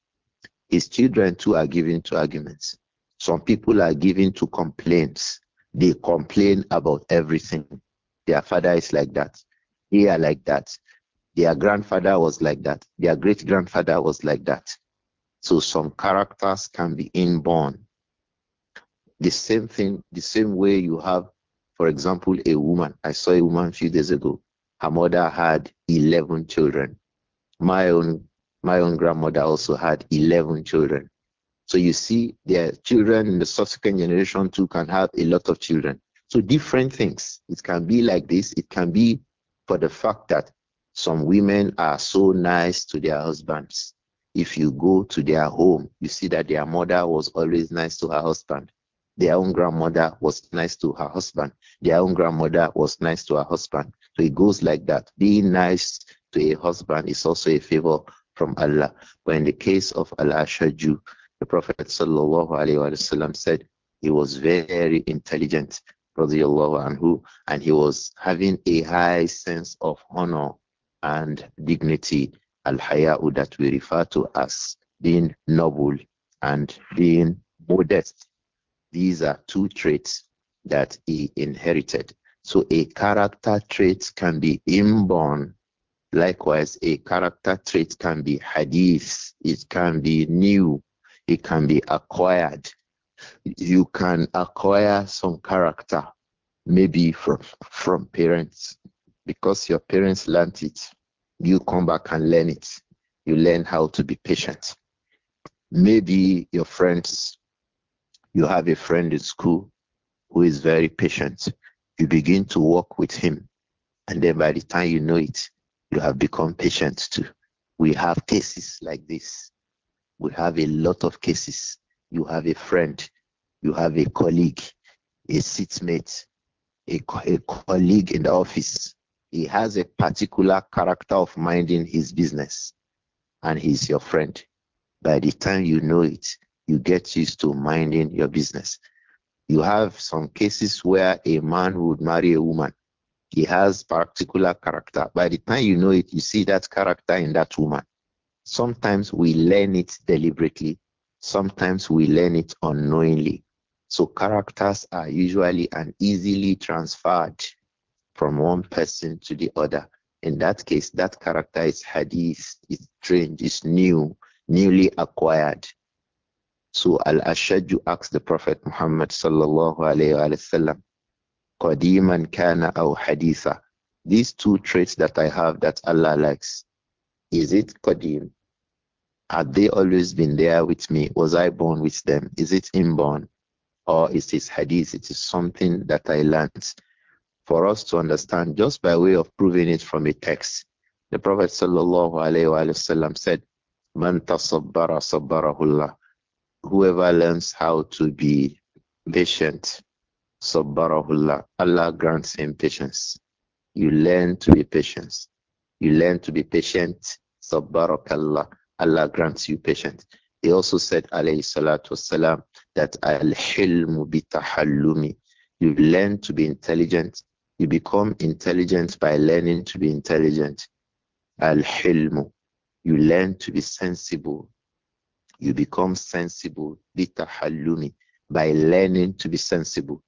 His children too are given to arguments. Some people are given to complaints. They complain about everything. Their father is like that. They are like that. Their grandfather was like that. Their great grandfather was like that. So some characters can be inborn. The same thing, the same way you have, for example, a woman. I saw a woman a few days ago. Her mother had 11 children. My own, my own grandmother also had 11 children. So you see, their children in the subsequent generation too can have a lot of children. So different things. It can be like this. It can be for the fact that some women are so nice to their husbands. If you go to their home, you see that their mother was always nice to her husband. Their own grandmother was nice to her husband. Their own grandmother was nice to her husband. So it goes like that. Being nice to a husband is also a favor from Allah. But in the case of Al Ashaju, the Prophet wasallam said he was very intelligent, anhu, and he was having a high sense of honor and dignity, al hayau that we refer to as being noble and being modest. These are two traits that he inherited. So a character trait can be inborn. Likewise, a character trait can be hadith, it can be new, it can be acquired. You can acquire some character maybe from from parents, because your parents learnt it, you come back and learn it. You learn how to be patient. Maybe your friends, you have a friend in school who is very patient. You begin to work with him. And then by the time you know it, you have become patient too. We have cases like this. We have a lot of cases. You have a friend, you have a colleague, a seatmate, a, a colleague in the office he has a particular character of minding his business, and he's your friend. By the time you know it, you get used to minding your business. You have some cases where a man would marry a woman. He has particular character. By the time you know it, you see that character in that woman. Sometimes we learn it deliberately. Sometimes we learn it unknowingly. So characters are usually and easily transferred from one person to the other. In that case, that character is hadith, it's trained, it's new, newly acquired. So Al-Ashadju asked the Prophet Muhammad sallallahu alayhi wa sallam, Qadiman kana aw haditha. These two traits that I have that Allah likes, is it Qadim? Had they always been there with me? Was I born with them? Is it inborn? Or is this hadith? It is something that I learned for us to understand just by way of proving it from a text. The Prophet sallallahu wasallam said, "Man tasabbara sabbarahullah." Whoever learns how to be patient, sabbarahullah, Allah grants him patience. You learn to be patient. You learn to be patient, sabbarakallah. Allah grants you patience. He also said, alayhi salatu wasalam, that al-hilmu bitahallumi. You learn to be intelligent you become intelligent by learning to be intelligent. Al-hilmu. You learn to be sensible. You become sensible. Bitahallumi. By learning to be sensible.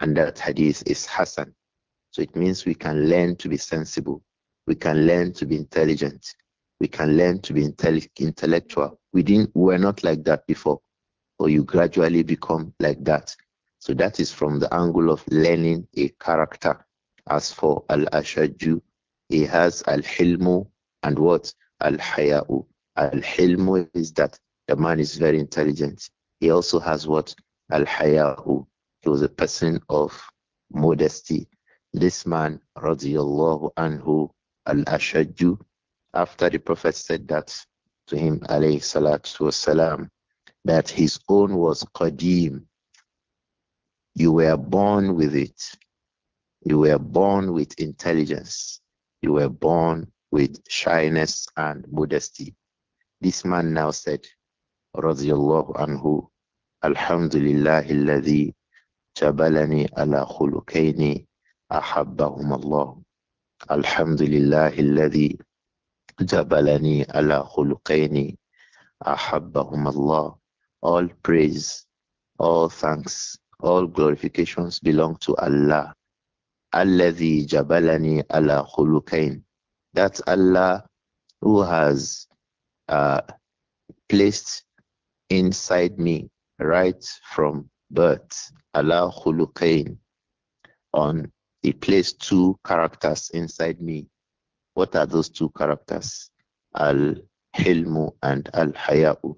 And that hadith is Hassan. So it means we can learn to be sensible. We can learn to be intelligent. We can learn to be intellectual. We didn't, we were not like that before. Or you gradually become like that so that is from the angle of learning a character. As for Al Ashaju, he has Al Hilmu and what? Al Hayau. Al Hilmu is that the man is very intelligent. He also has what? Al Hayau. He was a person of modesty. This man, radiallahu anhu, Al Ashaju, after the Prophet said that to him, alayhi salatu wasalam, that his own was Qadim, you were born with it. You were born with intelligence. You were born with shyness and modesty. This man now said, Radiallahu anhu, Alhamdulillah alladhi jabalani ala khulukaini ahabbahum Allah. Alhamdulillah alladhi jabalani ala khulukaini ahabbahum Allah. All praise, all thanks all glorifications belong to Allah. Alladhi jabalani ala khulukain. That's Allah who has uh, placed inside me right from birth. Allah khulukain. On he placed two characters inside me. What are those two characters? Al Hilmu and Al Hayau.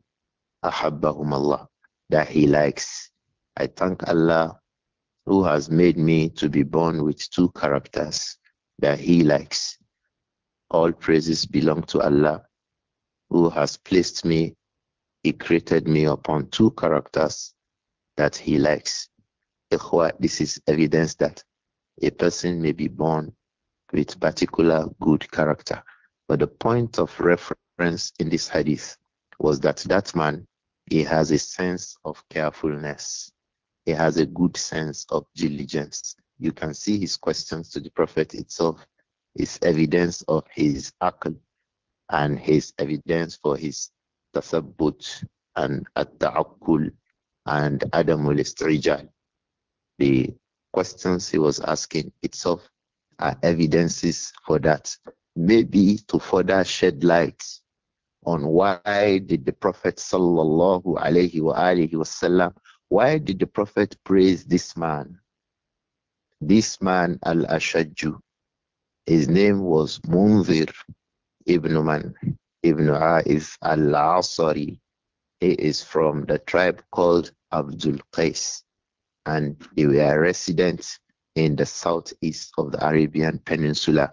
Ahabbahum Allah. That he likes I thank Allah who has made me to be born with two characters that He likes. All praises belong to Allah who has placed me, He created me upon two characters that He likes. This is evidence that a person may be born with particular good character. But the point of reference in this hadith was that that man, he has a sense of carefulness. He has a good sense of diligence. You can see his questions to the Prophet itself is evidence of his akhl and his evidence for his tasabbut and at-ta'akkul and adamul istrijal. The questions he was asking itself are evidences for that. Maybe to further shed light on why did the Prophet sallallahu alaihi wasallam why did the Prophet praise this man? This man, Al Ashadju, his name was Munzir ibn Man, ibn Aiz al Asari. He is from the tribe called Abdul Qais, and they were residents in the southeast of the Arabian Peninsula.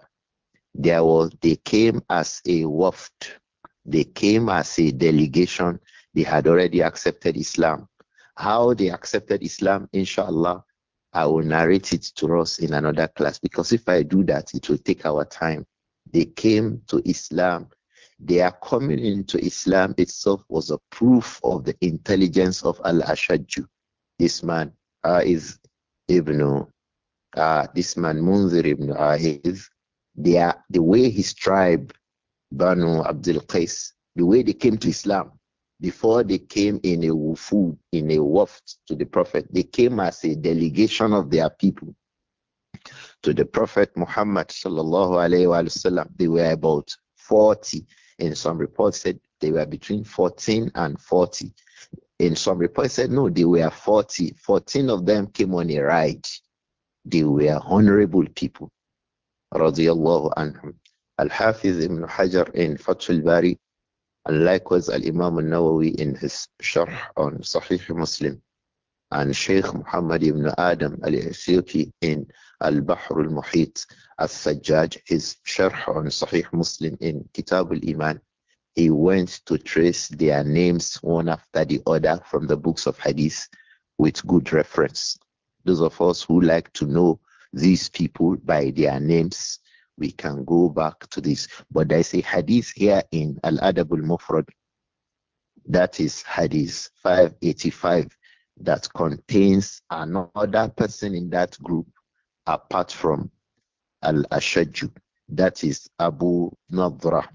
There was, they came as a waft, they came as a delegation. They had already accepted Islam how they accepted Islam, inshallah, I will narrate it to us in another class because if I do that, it will take our time. They came to Islam. Their coming into Islam itself was a proof of the intelligence of Al Ashadju. This man uh, is Ibn, uh, this man Munzir Ibn Ahiz. They are, the way his tribe, Banu Abdul Qais, the way they came to Islam, before they came in a wufu, in a waft to the Prophet, they came as a delegation of their people to the Prophet Muhammad sallallahu They were about 40. In some reports said they were between 14 and 40. In some reports said no, they were 40. 14 of them came on a ride. They were honorable people. Al-Hafiz ibn Hajar in Fathul Bari and likewise, Al Imam al Nawawi in his Sharh on Sahih Muslim and Sheikh Muhammad ibn Adam al Ethiopi in Al Bahr al Muhit al Sajjaj, his Sharh on Sahih Muslim in Kitab al Iman, he went to trace their names one after the other from the books of Hadith with good reference. Those of us who like to know these people by their names, we can go back to this. But there is a hadith here in Al Adabul Mufrad, that is hadith 585, that contains another person in that group apart from Al Ashaju, that is Abu Nadra.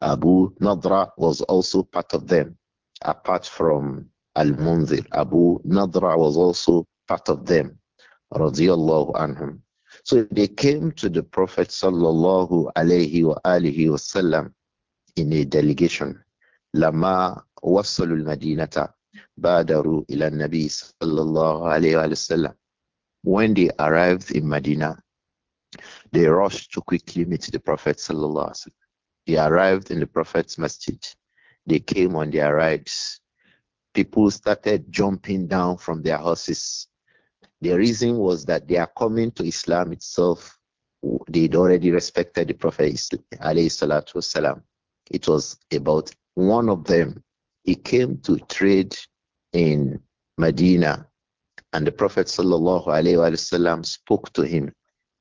Abu Nadra was also part of them, apart from Al Munzir. Abu Nadra was also part of them, الله عنهم. So they came to the Prophet sallallahu alayhi wa alihi wasallam in a delegation. لما وصلوا المدينة ba'daru ila النبي صلى alayhi wa sallam. When they arrived in Medina, they rushed to quickly meet the Prophet sallallahu alaihi wasallam. They arrived in the Prophet's masjid. They came on their rides. People started jumping down from their horses the reason was that they are coming to Islam itself, they'd already respected the Prophet والسلام. It was about one of them. He came to trade in Medina, and the Prophet وسلم, spoke to him.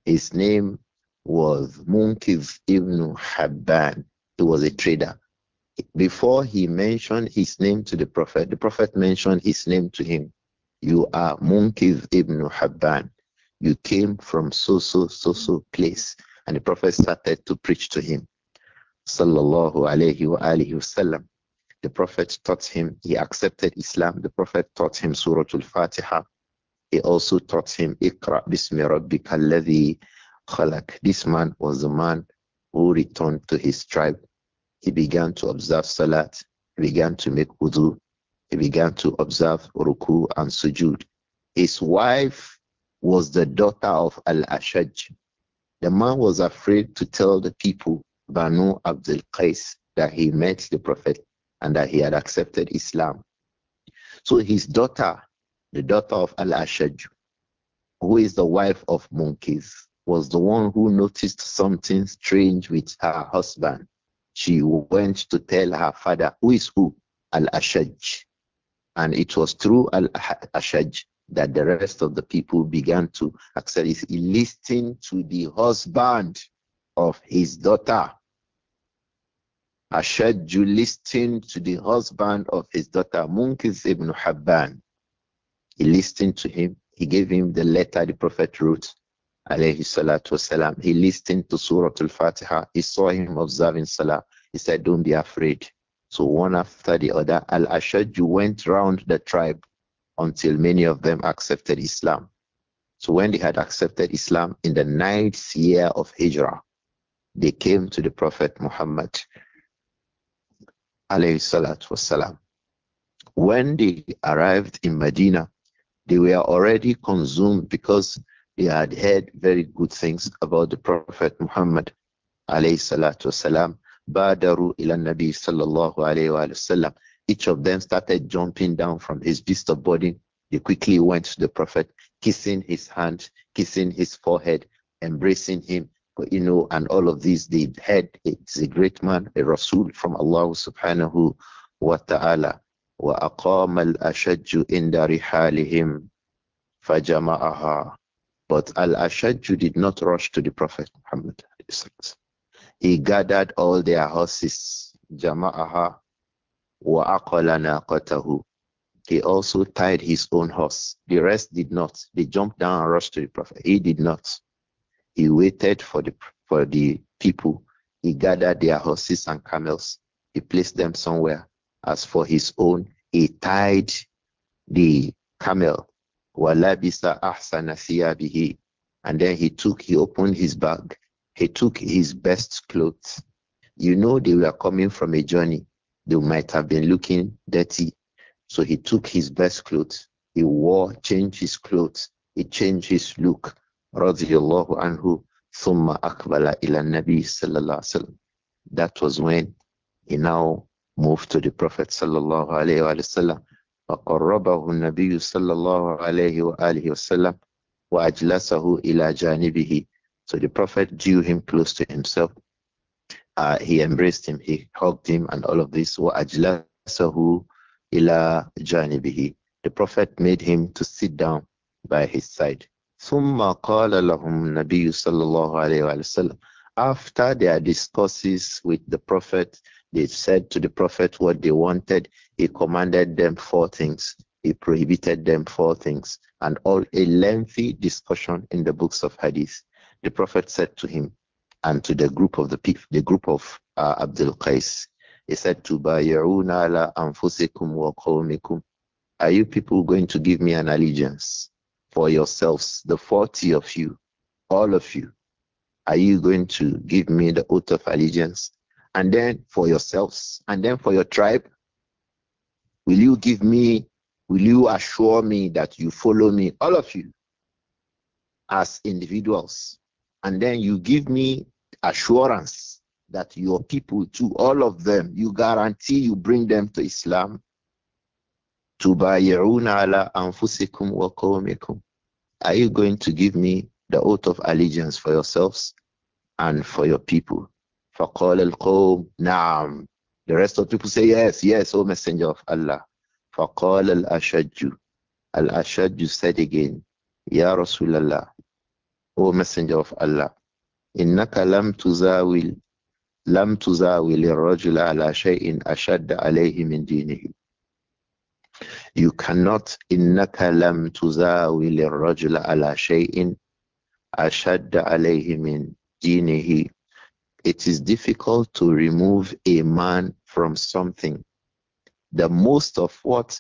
His name was Munkiz ibn Habban. He was a trader. Before he mentioned his name to the Prophet, the Prophet mentioned his name to him. You are Munkiz ibn Habban. You came from so, so, so, so place. And the Prophet started to preach to him. Sallallahu alayhi wa alihi The Prophet taught him, he accepted Islam. The Prophet taught him Surah Al Fatiha. He also taught him Iqra bismi rabbika alladhi khalaq. This man was the man who returned to his tribe. He began to observe Salat, began to make wudu, he began to observe ruku and sujud. His wife was the daughter of Al Ashaj. The man was afraid to tell the people, Banu Abdul Qais, that he met the Prophet and that he had accepted Islam. So his daughter, the daughter of Al Ashaj, who is the wife of monkeys, was the one who noticed something strange with her husband. She went to tell her father, who is who? Al Ashaj. And it was through Al Ashaj that the rest of the people began to accept listening to the husband of his daughter. Ashadju listened to the husband of his daughter, munkis ibn Habban. He listened to him. He gave him the letter the Prophet wrote, alayhi salatu wasalam. He listened to Surah Al-Fatiha. He saw him observing Salah. He said, don't be afraid. So one after the other, Al Ashaj went round the tribe until many of them accepted Islam. So when they had accepted Islam in the ninth year of Hijrah, they came to the Prophet Muhammad alayhi salatu When they arrived in Medina, they were already consumed because they had heard very good things about the Prophet Muhammad alayhi salatu wasalam Badaru ila Nabi sallallahu alayhi wa sallam. Each of them started jumping down from his beast of burden. They quickly went to the Prophet, kissing his hand, kissing his forehead, embracing him. You know, and all of these, they had is a great man, a Rasul from Allah subhanahu wa ta'ala. وأقام الأشج عند رحالهم فجمعها but Al-Ashajju did not rush to the Prophet Muhammad he gathered all their horses, jama'aha wa aqala naqatahu. He also tied his own horse. The rest did not. They jumped down and rushed to the Prophet. He did not. He waited for the for the people. He gathered their horses and camels. He placed them somewhere. As for his own, he tied the camel. Walabisa ahsana thiyabihi. And then he took, he opened his bag he took his best clothes. You know, they were coming from a journey. They might have been looking dirty. So he took his best clothes. He wore, changed his clothes. He changed his look. anhu. Thumma akbala ila nabi sallallahu That was when he now moved to the Prophet sallallahu alayhi wa sallam. وقربه النبي صلى الله عليه وآله وسلم وأجلسه إلى جانبه so the Prophet drew him close to himself. Uh, he embraced him, he hugged him, and all of this. ila jani bihi. The Prophet made him to sit down by his side. ثُمَّ قَالَ لَهُمْ نَبِيُّ صَلَّى اللَّهُ عَلَيْهِ After their discourses with the Prophet, they said to the Prophet what they wanted. He commanded them four things. He prohibited them four things. And all a lengthy discussion in the books of Hadith the Prophet said to him and to the group of the the group of uh, Abdul Qais, he said to Bayaruna ala anfusikum wa qawmikum. Are you people going to give me an allegiance for yourselves, the 40 of you, all of you? Are you going to give me the oath of allegiance? And then for yourselves, and then for your tribe? Will you give me, will you assure me that you follow me, all of you, as individuals? And then you give me assurance that your people, too, all of them, you guarantee you bring them to Islam. تُبَايِعُونَ عَلَىٰ أَنفُسِكُمْ وَقَوْمِكُمْ Are you going to give me the oath of allegiance for yourselves and for your people? فَقَالَ الْقَوْمُ نَعَمْ The rest of the people say, yes, yes, O Messenger of Allah. فَقَالَ الْأَشَجُّ al you said again, Ya Rasulallah, O Messenger of Allah, innaka lam tuzawil lam tuzawil ar-rajula ala shay'in ashadd alayhi min dinihi. You cannot innaka lam tuzawil ar-rajula ala shay'in ashadd alayhi min dinihi. It is difficult to remove a man from something. The most of what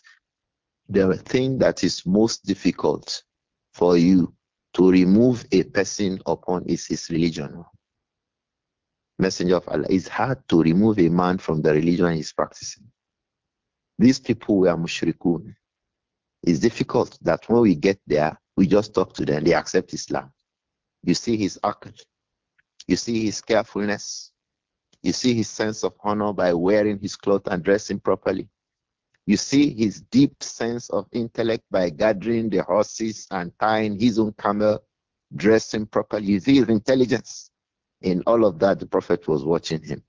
the thing that is most difficult for you to remove a person upon is his religion. Messenger of Allah, it's hard to remove a man from the religion he's practicing. These people were mushrikun. It's difficult that when we get there, we just talk to them, they accept Islam. You see his aql, you see his carefulness, you see his sense of honor by wearing his clothes and dressing properly. You see his deep sense of intellect by gathering the horses and tying his own camel, dressing properly. You see his intelligence. In all of that, the Prophet was watching him.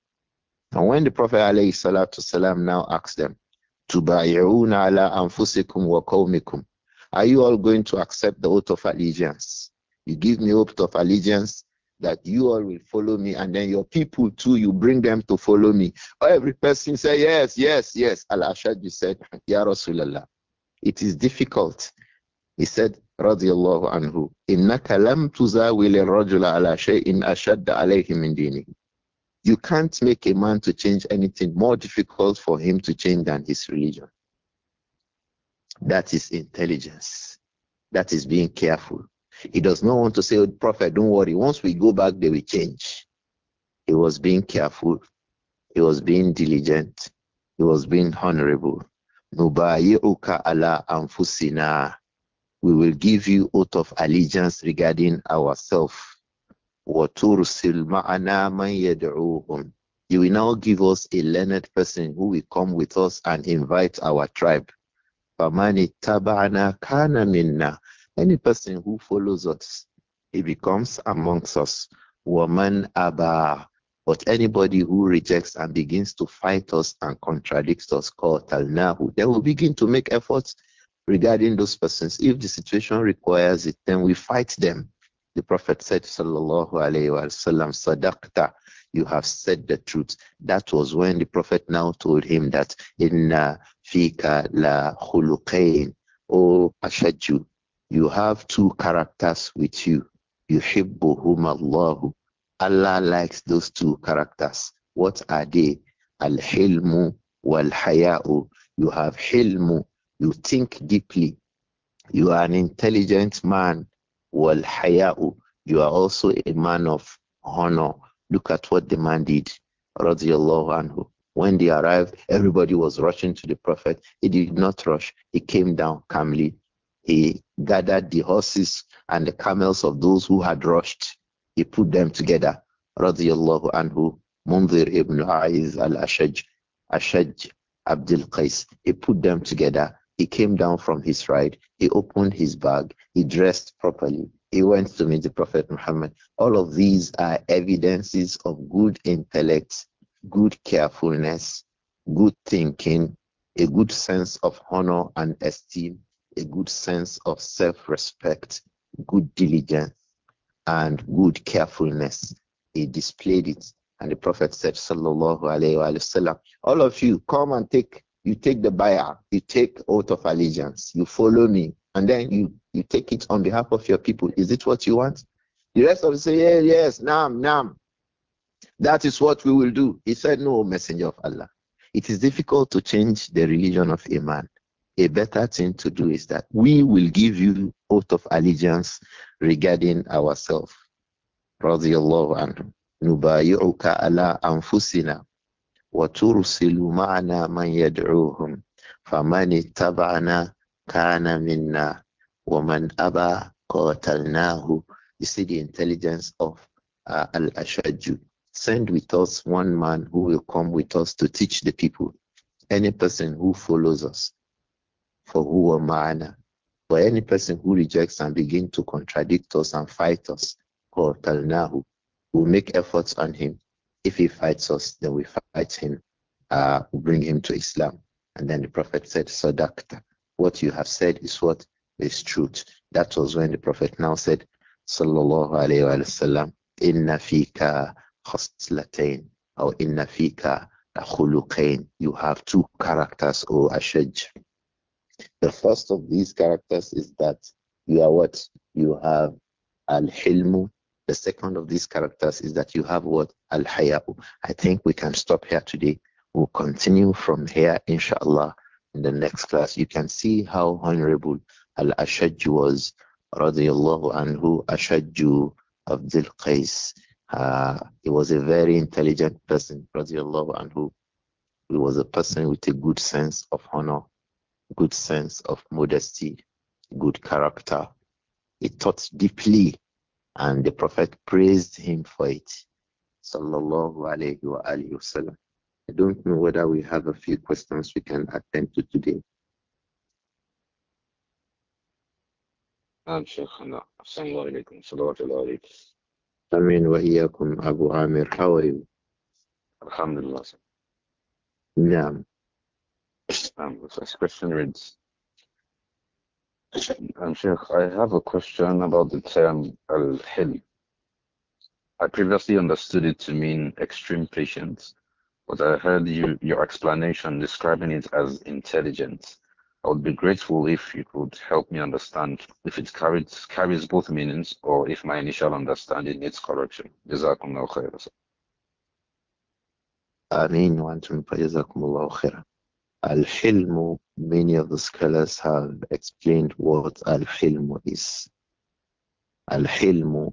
And when the Prophet والسلام, now asked them, Tubayuna ala anfusikum wa qawmikum. Are you all going to accept the oath of allegiance? You give me oath of allegiance that you all will follow me and then your people too you bring them to follow me every person say yes yes yes al-ashadi said ya rasulallah it is difficult he said radiyallahu anhu innaka lam tuzawil ar-rajula ala shay'in ashadda alayhi min you can't make a man to change anything more difficult for him to change than his religion that is intelligence that is being careful he does not want to say, oh, Prophet, don't worry. Once we go back, they will change. He was being careful. He was being diligent. He was being honorable. Nubayi'uka Allah amfusina. We will give you oath of allegiance regarding ourselves. وَتُرْسِلْ مَعَنَا مَنْ يَدْعُوهُمْ You will now give us a learned person who will come with us and invite our tribe. فَمَنِ اتَّبَعَنَا كَانَ مِنَّا any person who follows us, he becomes amongst us. Woman Abba. But anybody who rejects and begins to fight us and contradicts us, called Talnahu, then we begin to make efforts regarding those persons. If the situation requires it, then we fight them. The Prophet said, Sallallahu Alaihi Wasallam, Sadaqta, you have said the truth. That was when the Prophet now told him that, Inna fika la khuluqain, O Ashadju, you have two characters with you. Yuhibbuhum Allahu. Allah likes those two characters. What are they? Al-Hilmu wal-Haya'u. You have Hilmu. You think deeply. You are an intelligent man. Wal-Haya'u. You are also a man of honor. Look at what the man did. Radiallahu anhu. When they arrived, everybody was rushing to the Prophet. He did not rush. He came down calmly he gathered the horses and the camels of those who had rushed. He put them together. رضي anhu, عنه ibn ابن al-Ashaj, Ashaj Abdul Qais. He put them together. He came down from his ride. He opened his bag. He dressed properly. He went to meet the Prophet Muhammad. All of these are evidences of good intellect, good carefulness, good thinking, a good sense of honor and esteem, a good sense of self respect, good diligence, and good carefulness. He displayed it. And the Prophet said, Sallallahu Alaihi Wasallam, all of you come and take, you take the buyer. you take oath of allegiance, you follow me, and then you, you take it on behalf of your people. Is it what you want? The rest of them say, yeah, yes, nam, nam. That is what we will do. He said, no, messenger of Allah. It is difficult to change the religion of a man a better thing to do is that we will give you oath of allegiance regarding ourselves. رضي الله Nubayi'uka نبايعك على أنفسنا tursilu معنا من yad'uhum فمن ittaba'ana كان منا ومن man aba You see the intelligence of uh, al-Ashajju. Send with us one man who will come with us to teach the people. Any person who follows us for who ma'ana. For any person who rejects and begins to contradict us and fight us, or talnahu, we'll make efforts on him. If he fights us, then we fight him, uh, we bring him to Islam. And then the Prophet said, "Saddak, What you have said is what is truth. That was when the Prophet now said, Sallallahu alayhi Wasallam, Inna fika khaslatain, or Inna fika khuluqain. You have two characters, O Ashaj. The first of these characters is that you are what? You have Al Hilmu. The second of these characters is that you have what? Al Hayau. I think we can stop here today. We'll continue from here, inshallah, in the next class. You can see how honorable Al Ashaj was, radiallahu anhu, Ashaj Abdul Qais. Uh, he was a very intelligent person, radiallahu anhu. He was a person with a good sense of honor good sense of modesty, good character. He taught deeply, and the Prophet praised him for it. Sallallahu alayhi wa I don't know whether we have a few questions we can attend to today. نعم شيخنا أحسن الله إليكم صلوات how are you um, the first question reads um, Sheikh, I have a question about the term al hil. I previously understood it to mean extreme patience, but I heard you, your explanation describing it as intelligence. I would be grateful if you could help me understand if it carries, carries both meanings or if my initial understanding needs correction. Jazakumullah khairan. Ameen wa antum jazakumullah Al-Hilmu, many of the scholars have explained what Al-Hilmu is. Al-Hilmu,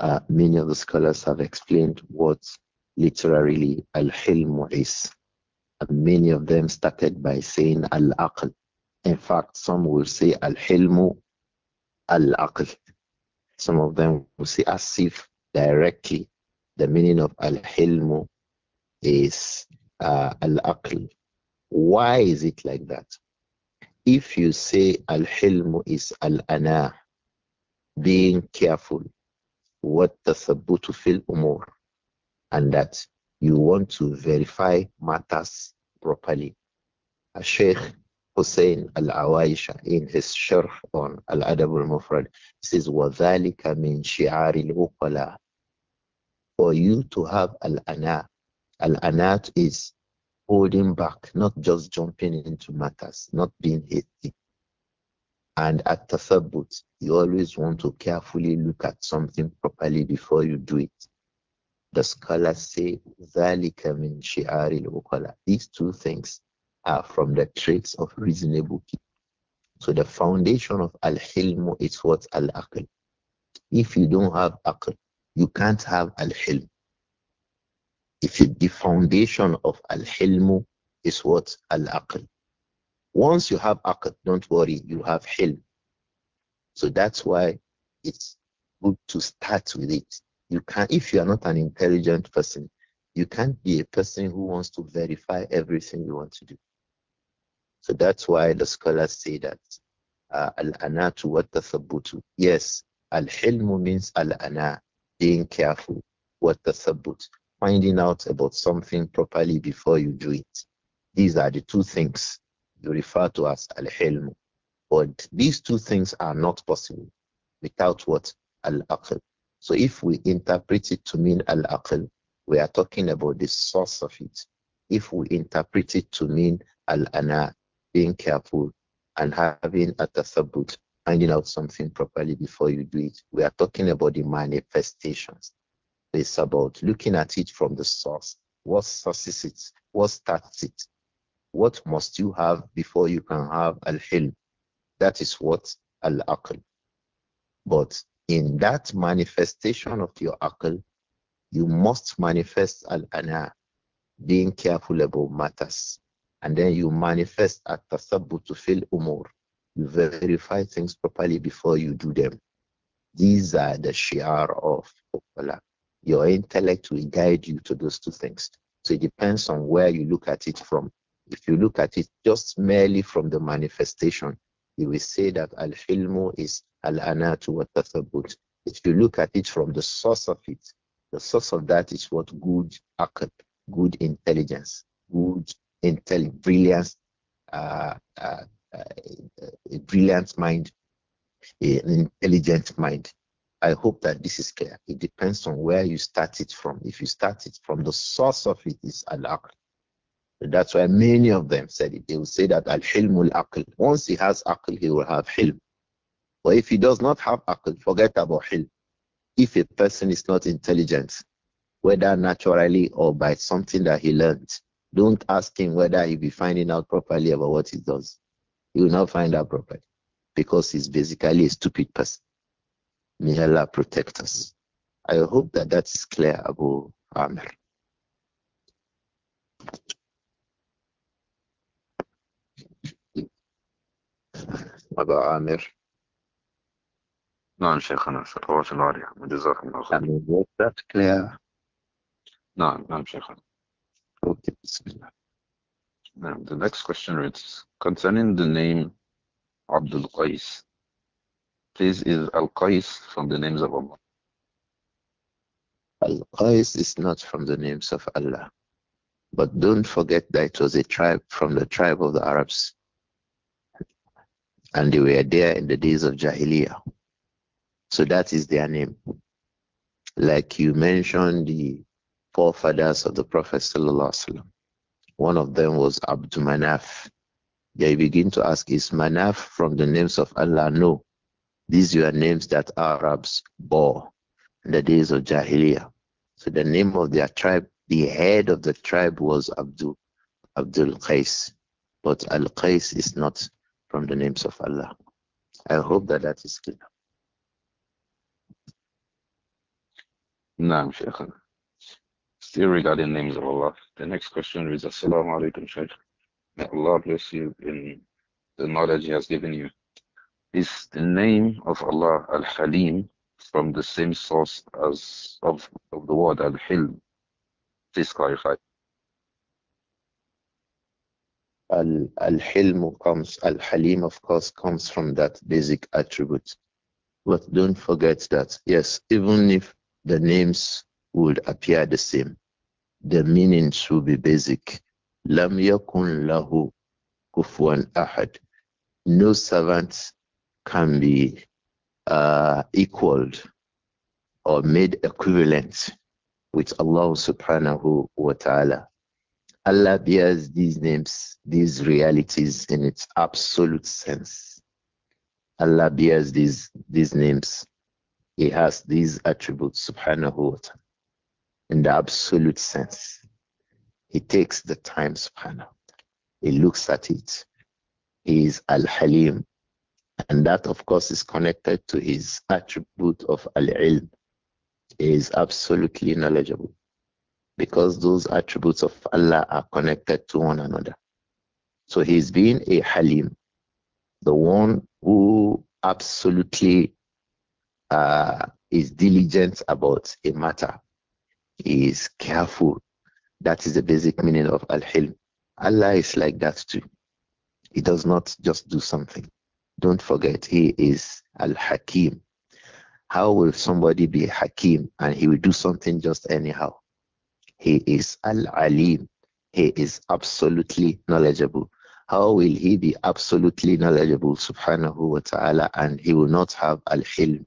uh, many of the scholars have explained what literally Al-Hilmu is. And many of them started by saying Al-Aql. In fact, some will say Al-Hilmu Al-Aql. Some of them will say as if directly the meaning of Al-Hilmu is uh, Al-Aql why is it like that? If you say al hilm is al ana, being careful, what tathabutu fil umur, and that you want to verify matters properly. A Sheikh Hussein Al Awaisha in his Sharh on Al Adab al Mufrad says, وَذَلِكَ مِنْ شِعَارِ الْأُقَلَى For you to have Al Ana, Al Anat is holding back, not just jumping into matters, not being hasty. And at boot, you always want to carefully look at something properly before you do it. The scholars say, Zalika min shi'aril ukala. These two things are from the traits of reasonable people. So the foundation of al-hilm is what al-aql. If you don't have aql, you can't have al-hilm. If the foundation of al hilmu is what al aql. Once you have aql, don't worry, you have hilm. So that's why it's good to start with it. You can, if you are not an intelligent person, you can't be a person who wants to verify everything you want to do. So that's why the scholars say that uh, al-anatu wa tathabutu. Yes, al-hilmu means al-ana, being careful, what tathabut finding out about something properly before you do it. These are the two things you refer to as al-hilm. But these two things are not possible without what? Al-aql. So if we interpret it to mean al-aql, we are talking about the source of it. If we interpret it to mean al-ana, being careful and having a tathabut, finding out something properly before you do it, we are talking about the manifestations. It's about looking at it from the source. What sources it? What starts it? What must you have before you can have al hilm? That is what al aql. But in that manifestation of your aql, you must manifest al ana, being careful about matters. And then you manifest at tasabbu to fill umur. You verify things properly before you do them. These are the shiar of Qala. Your intellect will guide you to those two things. So it depends on where you look at it from. If you look at it just merely from the manifestation, you will say that al filmu is al anatu wa tathabut. If you look at it from the source of it, the source of that is what good akab, good intelligence, good intel, brilliance, uh, uh, uh, a brilliant mind, an intelligent mind. I hope that this is clear. It depends on where you start it from. If you start it from the source of it is al-aql. That's why many of them said it. They will say that al-hilmul aql. Once he has aql, he will have hilm. But if he does not have aql, forget about hilm. If a person is not intelligent, whether naturally or by something that he learned, don't ask him whether he'll be finding out properly about what he does. He will not find out properly because he's basically a stupid person. May Allah protect us. I hope that that is clear, Abu Amr. Abu Amir. نعم شيخنا i الله عليكم جزاكم الله خير. Was that clear? No, no, sheikh. Okay, Bismillah. Now, the next question reads concerning the name Abdul Qais this is Al Qais from the names of Allah? Al Qais is not from the names of Allah. But don't forget that it was a tribe from the tribe of the Arabs. And they were there in the days of Jahiliyyah. So that is their name. Like you mentioned, the forefathers of the Prophet. One of them was Abdu Manaf. They begin to ask, Is Manaf from the names of Allah? No. These were names that Arabs bore in the days of Jahiliyyah. So the name of their tribe, the head of the tribe was Abdul, Abdul Qais. But Al Qais is not from the names of Allah. I hope that that is clear. Naam, Shaykh. Still regarding names of Allah, the next question is Assalamu alaikum, Shaykh. May Allah bless you in the knowledge He has given you is the name of Allah Al Halim from the same source as of, of the word Al Hilm. Please clarify. Al Hilm comes, Al Halim, of course, comes from that basic attribute. But don't forget that, yes, even if the names would appear the same, the meanings would be basic. Lam yakun lahu kufuwan ahad. No servant can be uh, equaled or made equivalent with Allah subhanahu wa ta'ala. Allah bears these names, these realities in its absolute sense. Allah bears these, these names. He has these attributes, subhanahu wa ta'ala, in the absolute sense. He takes the time, subhanahu. He looks at it. He is Al Halim, and that, of course, is connected to his attribute of al-ilm. is absolutely knowledgeable because those attributes of Allah are connected to one another. So he's being a halim, the one who absolutely uh, is diligent about a matter. He is careful. That is the basic meaning of al-hilm. Allah is like that too. He does not just do something. Don't forget, he is Al Hakim. How will somebody be Hakim and he will do something just anyhow? He is Al Alim. He is absolutely knowledgeable. How will he be absolutely knowledgeable, subhanahu wa ta'ala, and he will not have Al Hilm?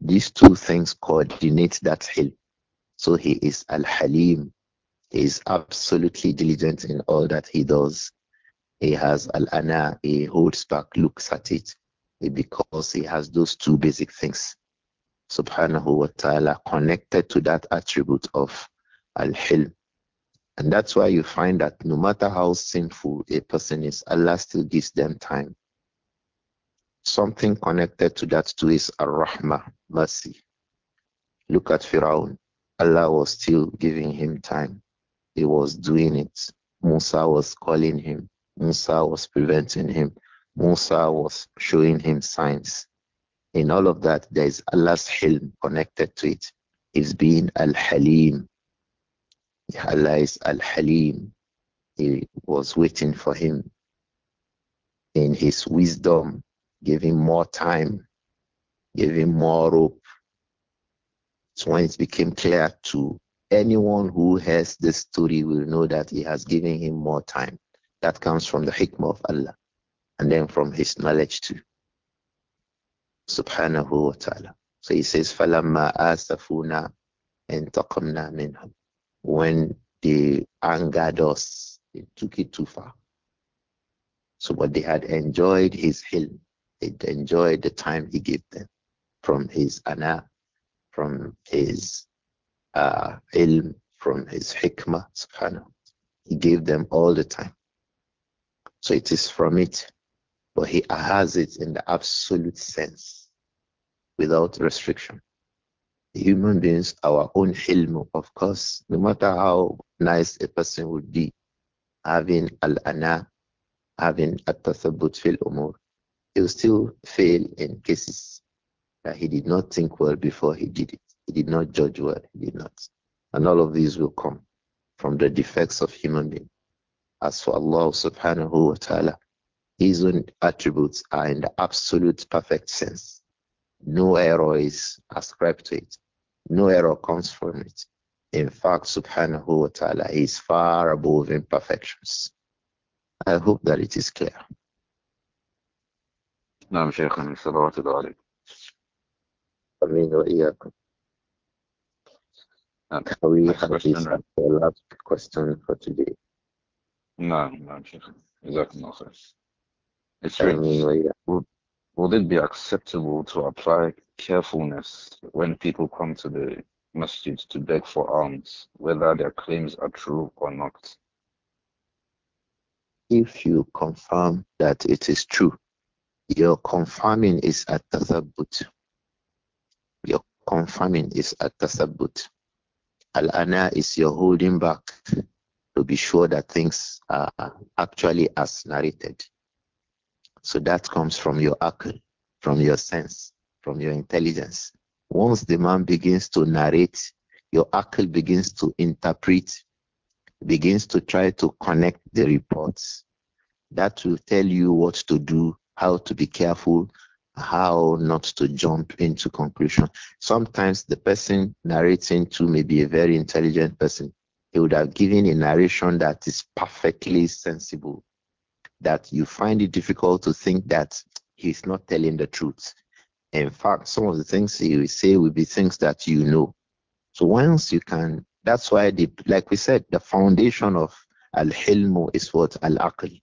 These two things coordinate that Hilm. So he is Al Halim. He is absolutely diligent in all that he does. He has al ana, he holds back, looks at it, eh, because he has those two basic things. Subhanahu wa ta'ala connected to that attribute of al hilm. And that's why you find that no matter how sinful a person is, Allah still gives them time. Something connected to that too is ar rahmah, mercy. Look at Firaun. Allah was still giving him time. He was doing it. Musa was calling him. Musa was preventing him. Musa was showing him signs. In all of that, there is Allah's Hilm connected to it. He's being Al Halim. Allah is Al Halim. He was waiting for him. In his wisdom, gave him more time, gave him more rope. So when it became clear to anyone who has this story will know that he has given him more time. That comes from the hikmah of Allah and then from His knowledge too. Subhanahu wa ta'ala. So He says, فَلَمَّا asafuna انتقمنا منهم when they angered us they took it too far so but they had enjoyed his hilm. they enjoyed the time he gave them from his ana from his uh ilm from his hikmah subhanahu he gave them all the time so it is from it. But he has it in the absolute sense, without restriction. Human beings, our own ilm, of course, no matter how nice a person would be, having al-ana, having at-tathabut fil umur, he will still fail in cases that he did not think well before he did it. He did not judge well. He did not. And all of these will come from the defects of human beings. As for Allah subhanahu wa ta'ala, His own attributes are in the absolute perfect sense. No error is ascribed to it. No error comes from it. In fact, subhanahu wa ta'ala is far above imperfections. I hope that it is clear. نعم Salawatul صلوات الله عليك امين we have this question for today no, no, شيخ It's really. would, would it be acceptable to apply carefulness when people come to the masjid to beg for alms, whether their claims are true or not? If you confirm that it is true, your confirming is at tathabut. Your confirming is at tathabut. Al-ana is your holding back to be sure that things are actually as narrated. So that comes from your akal, from your sense, from your intelligence. Once the man begins to narrate, your akal begins to interpret, begins to try to connect the reports. That will tell you what to do, how to be careful, how not to jump into conclusion. Sometimes the person narrating to may be a very intelligent person, he would have given a narration that is perfectly sensible, that you find it difficult to think that he's not telling the truth. In fact, some of the things he will say will be things that you know. So once you can, that's why, the, like we said, the foundation of al-hilmu is what al-aql.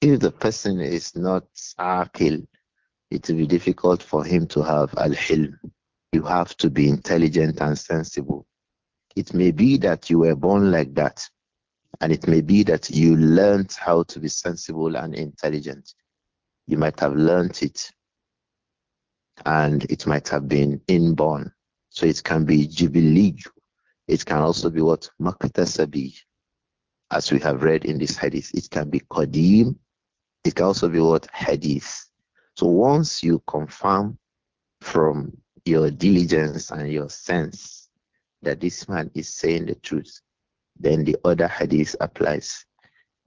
If the person is not aqil, it will be difficult for him to have al-hilm. You have to be intelligent and sensible it may be that you were born like that, and it may be that you learned how to be sensible and intelligent. You might have learned it, and it might have been inborn. So it can be jubilee. It can also be what maktasabi, as we have read in this hadith. It can be qadim. It can also be what hadith. So once you confirm from your diligence and your sense that this man is saying the truth, then the other hadith applies.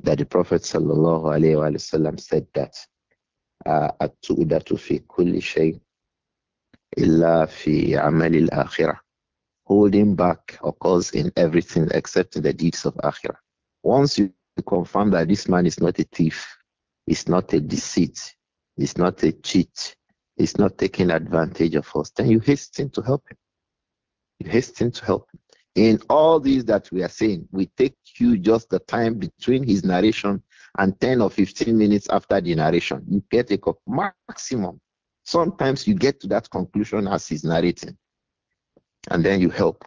That the Prophet wasallam said that التؤدة في كل شيء إلا في Holding back occurs in everything except in the deeds of Akhirah. Once you confirm that this man is not a thief, is not a deceit, is not a cheat, is not taking advantage of us, then you hasten to help him it to help. In all these that we are saying, we take you just the time between his narration and 10 or 15 minutes after the narration. You get a maximum. Sometimes you get to that conclusion as he's narrating, and then you help.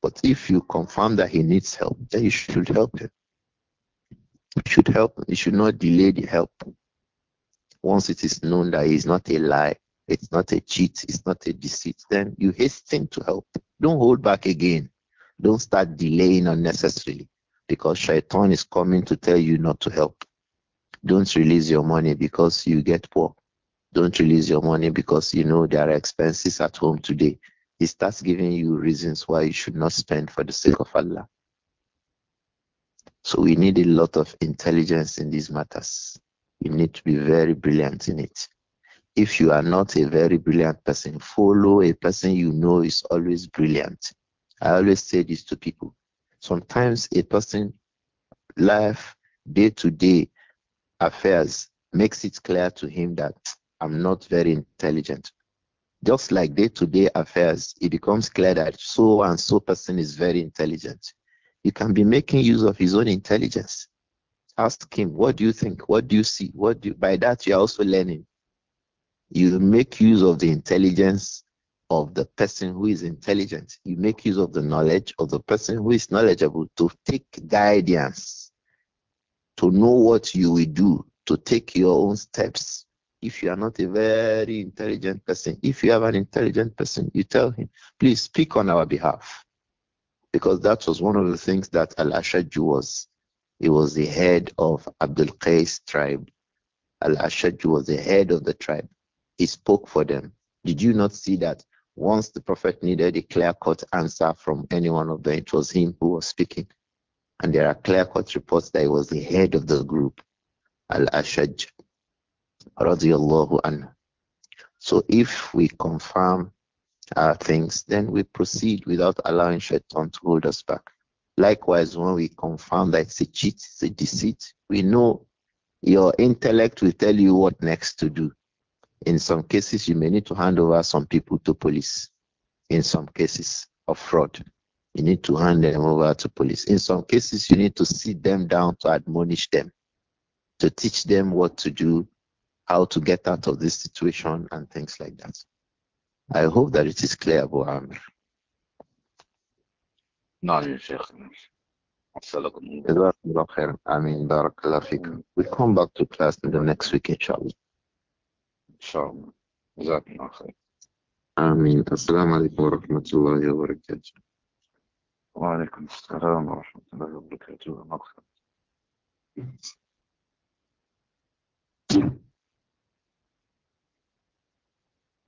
But if you confirm that he needs help, then you should help him. You should help. You should not delay the help once it is known that he is not a lie it's not a cheat, it's not a deceit, then you hasten to help. Don't hold back again. Don't start delaying unnecessarily because shaitan is coming to tell you not to help. Don't release your money because you get poor. Don't release your money because you know there are expenses at home today. He starts giving you reasons why you should not spend for the sake of Allah. So we need a lot of intelligence in these matters. You need to be very brilliant in it. If you are not a very brilliant person, follow a person you know is always brilliant. I always say this to people. Sometimes a person life, day to day affairs makes it clear to him that I'm not very intelligent. Just like day to day affairs, it becomes clear that so and so person is very intelligent. He can be making use of his own intelligence. Ask him, what do you think? What do you see? What do you, by that you're also learning. You make use of the intelligence of the person who is intelligent. You make use of the knowledge of the person who is knowledgeable to take guidance, to know what you will do, to take your own steps. If you are not a very intelligent person, if you have an intelligent person, you tell him, please speak on our behalf. Because that was one of the things that Al Ashadju was. He was the head of Abdul Qais tribe. Al Ashadju was the head of the tribe. He spoke for them. Did you not see that once the prophet needed a clear cut answer from any one of them, it was him who was speaking? And there are clear cut reports that he was the head of the group, Al Ashaj, radiallahu anhu. So if we confirm our things, then we proceed without allowing Shaitan to hold us back. Likewise, when we confirm that it's a cheat, it's a deceit, we know your intellect will tell you what next to do. In some cases, you may need to hand over some people to police. In some cases of fraud, you need to hand them over to police. In some cases, you need to sit them down to admonish them, to teach them what to do, how to get out of this situation, and things like that. I hope that it is clear, Abu Amr. نعم يا we'll come back to class in the next week inshallah إن شاء الله جزاكم الله خير آمين السلام عليكم ورحمة الله وبركاته وعليكم السلام ورحمة الله وبركاته مغفرة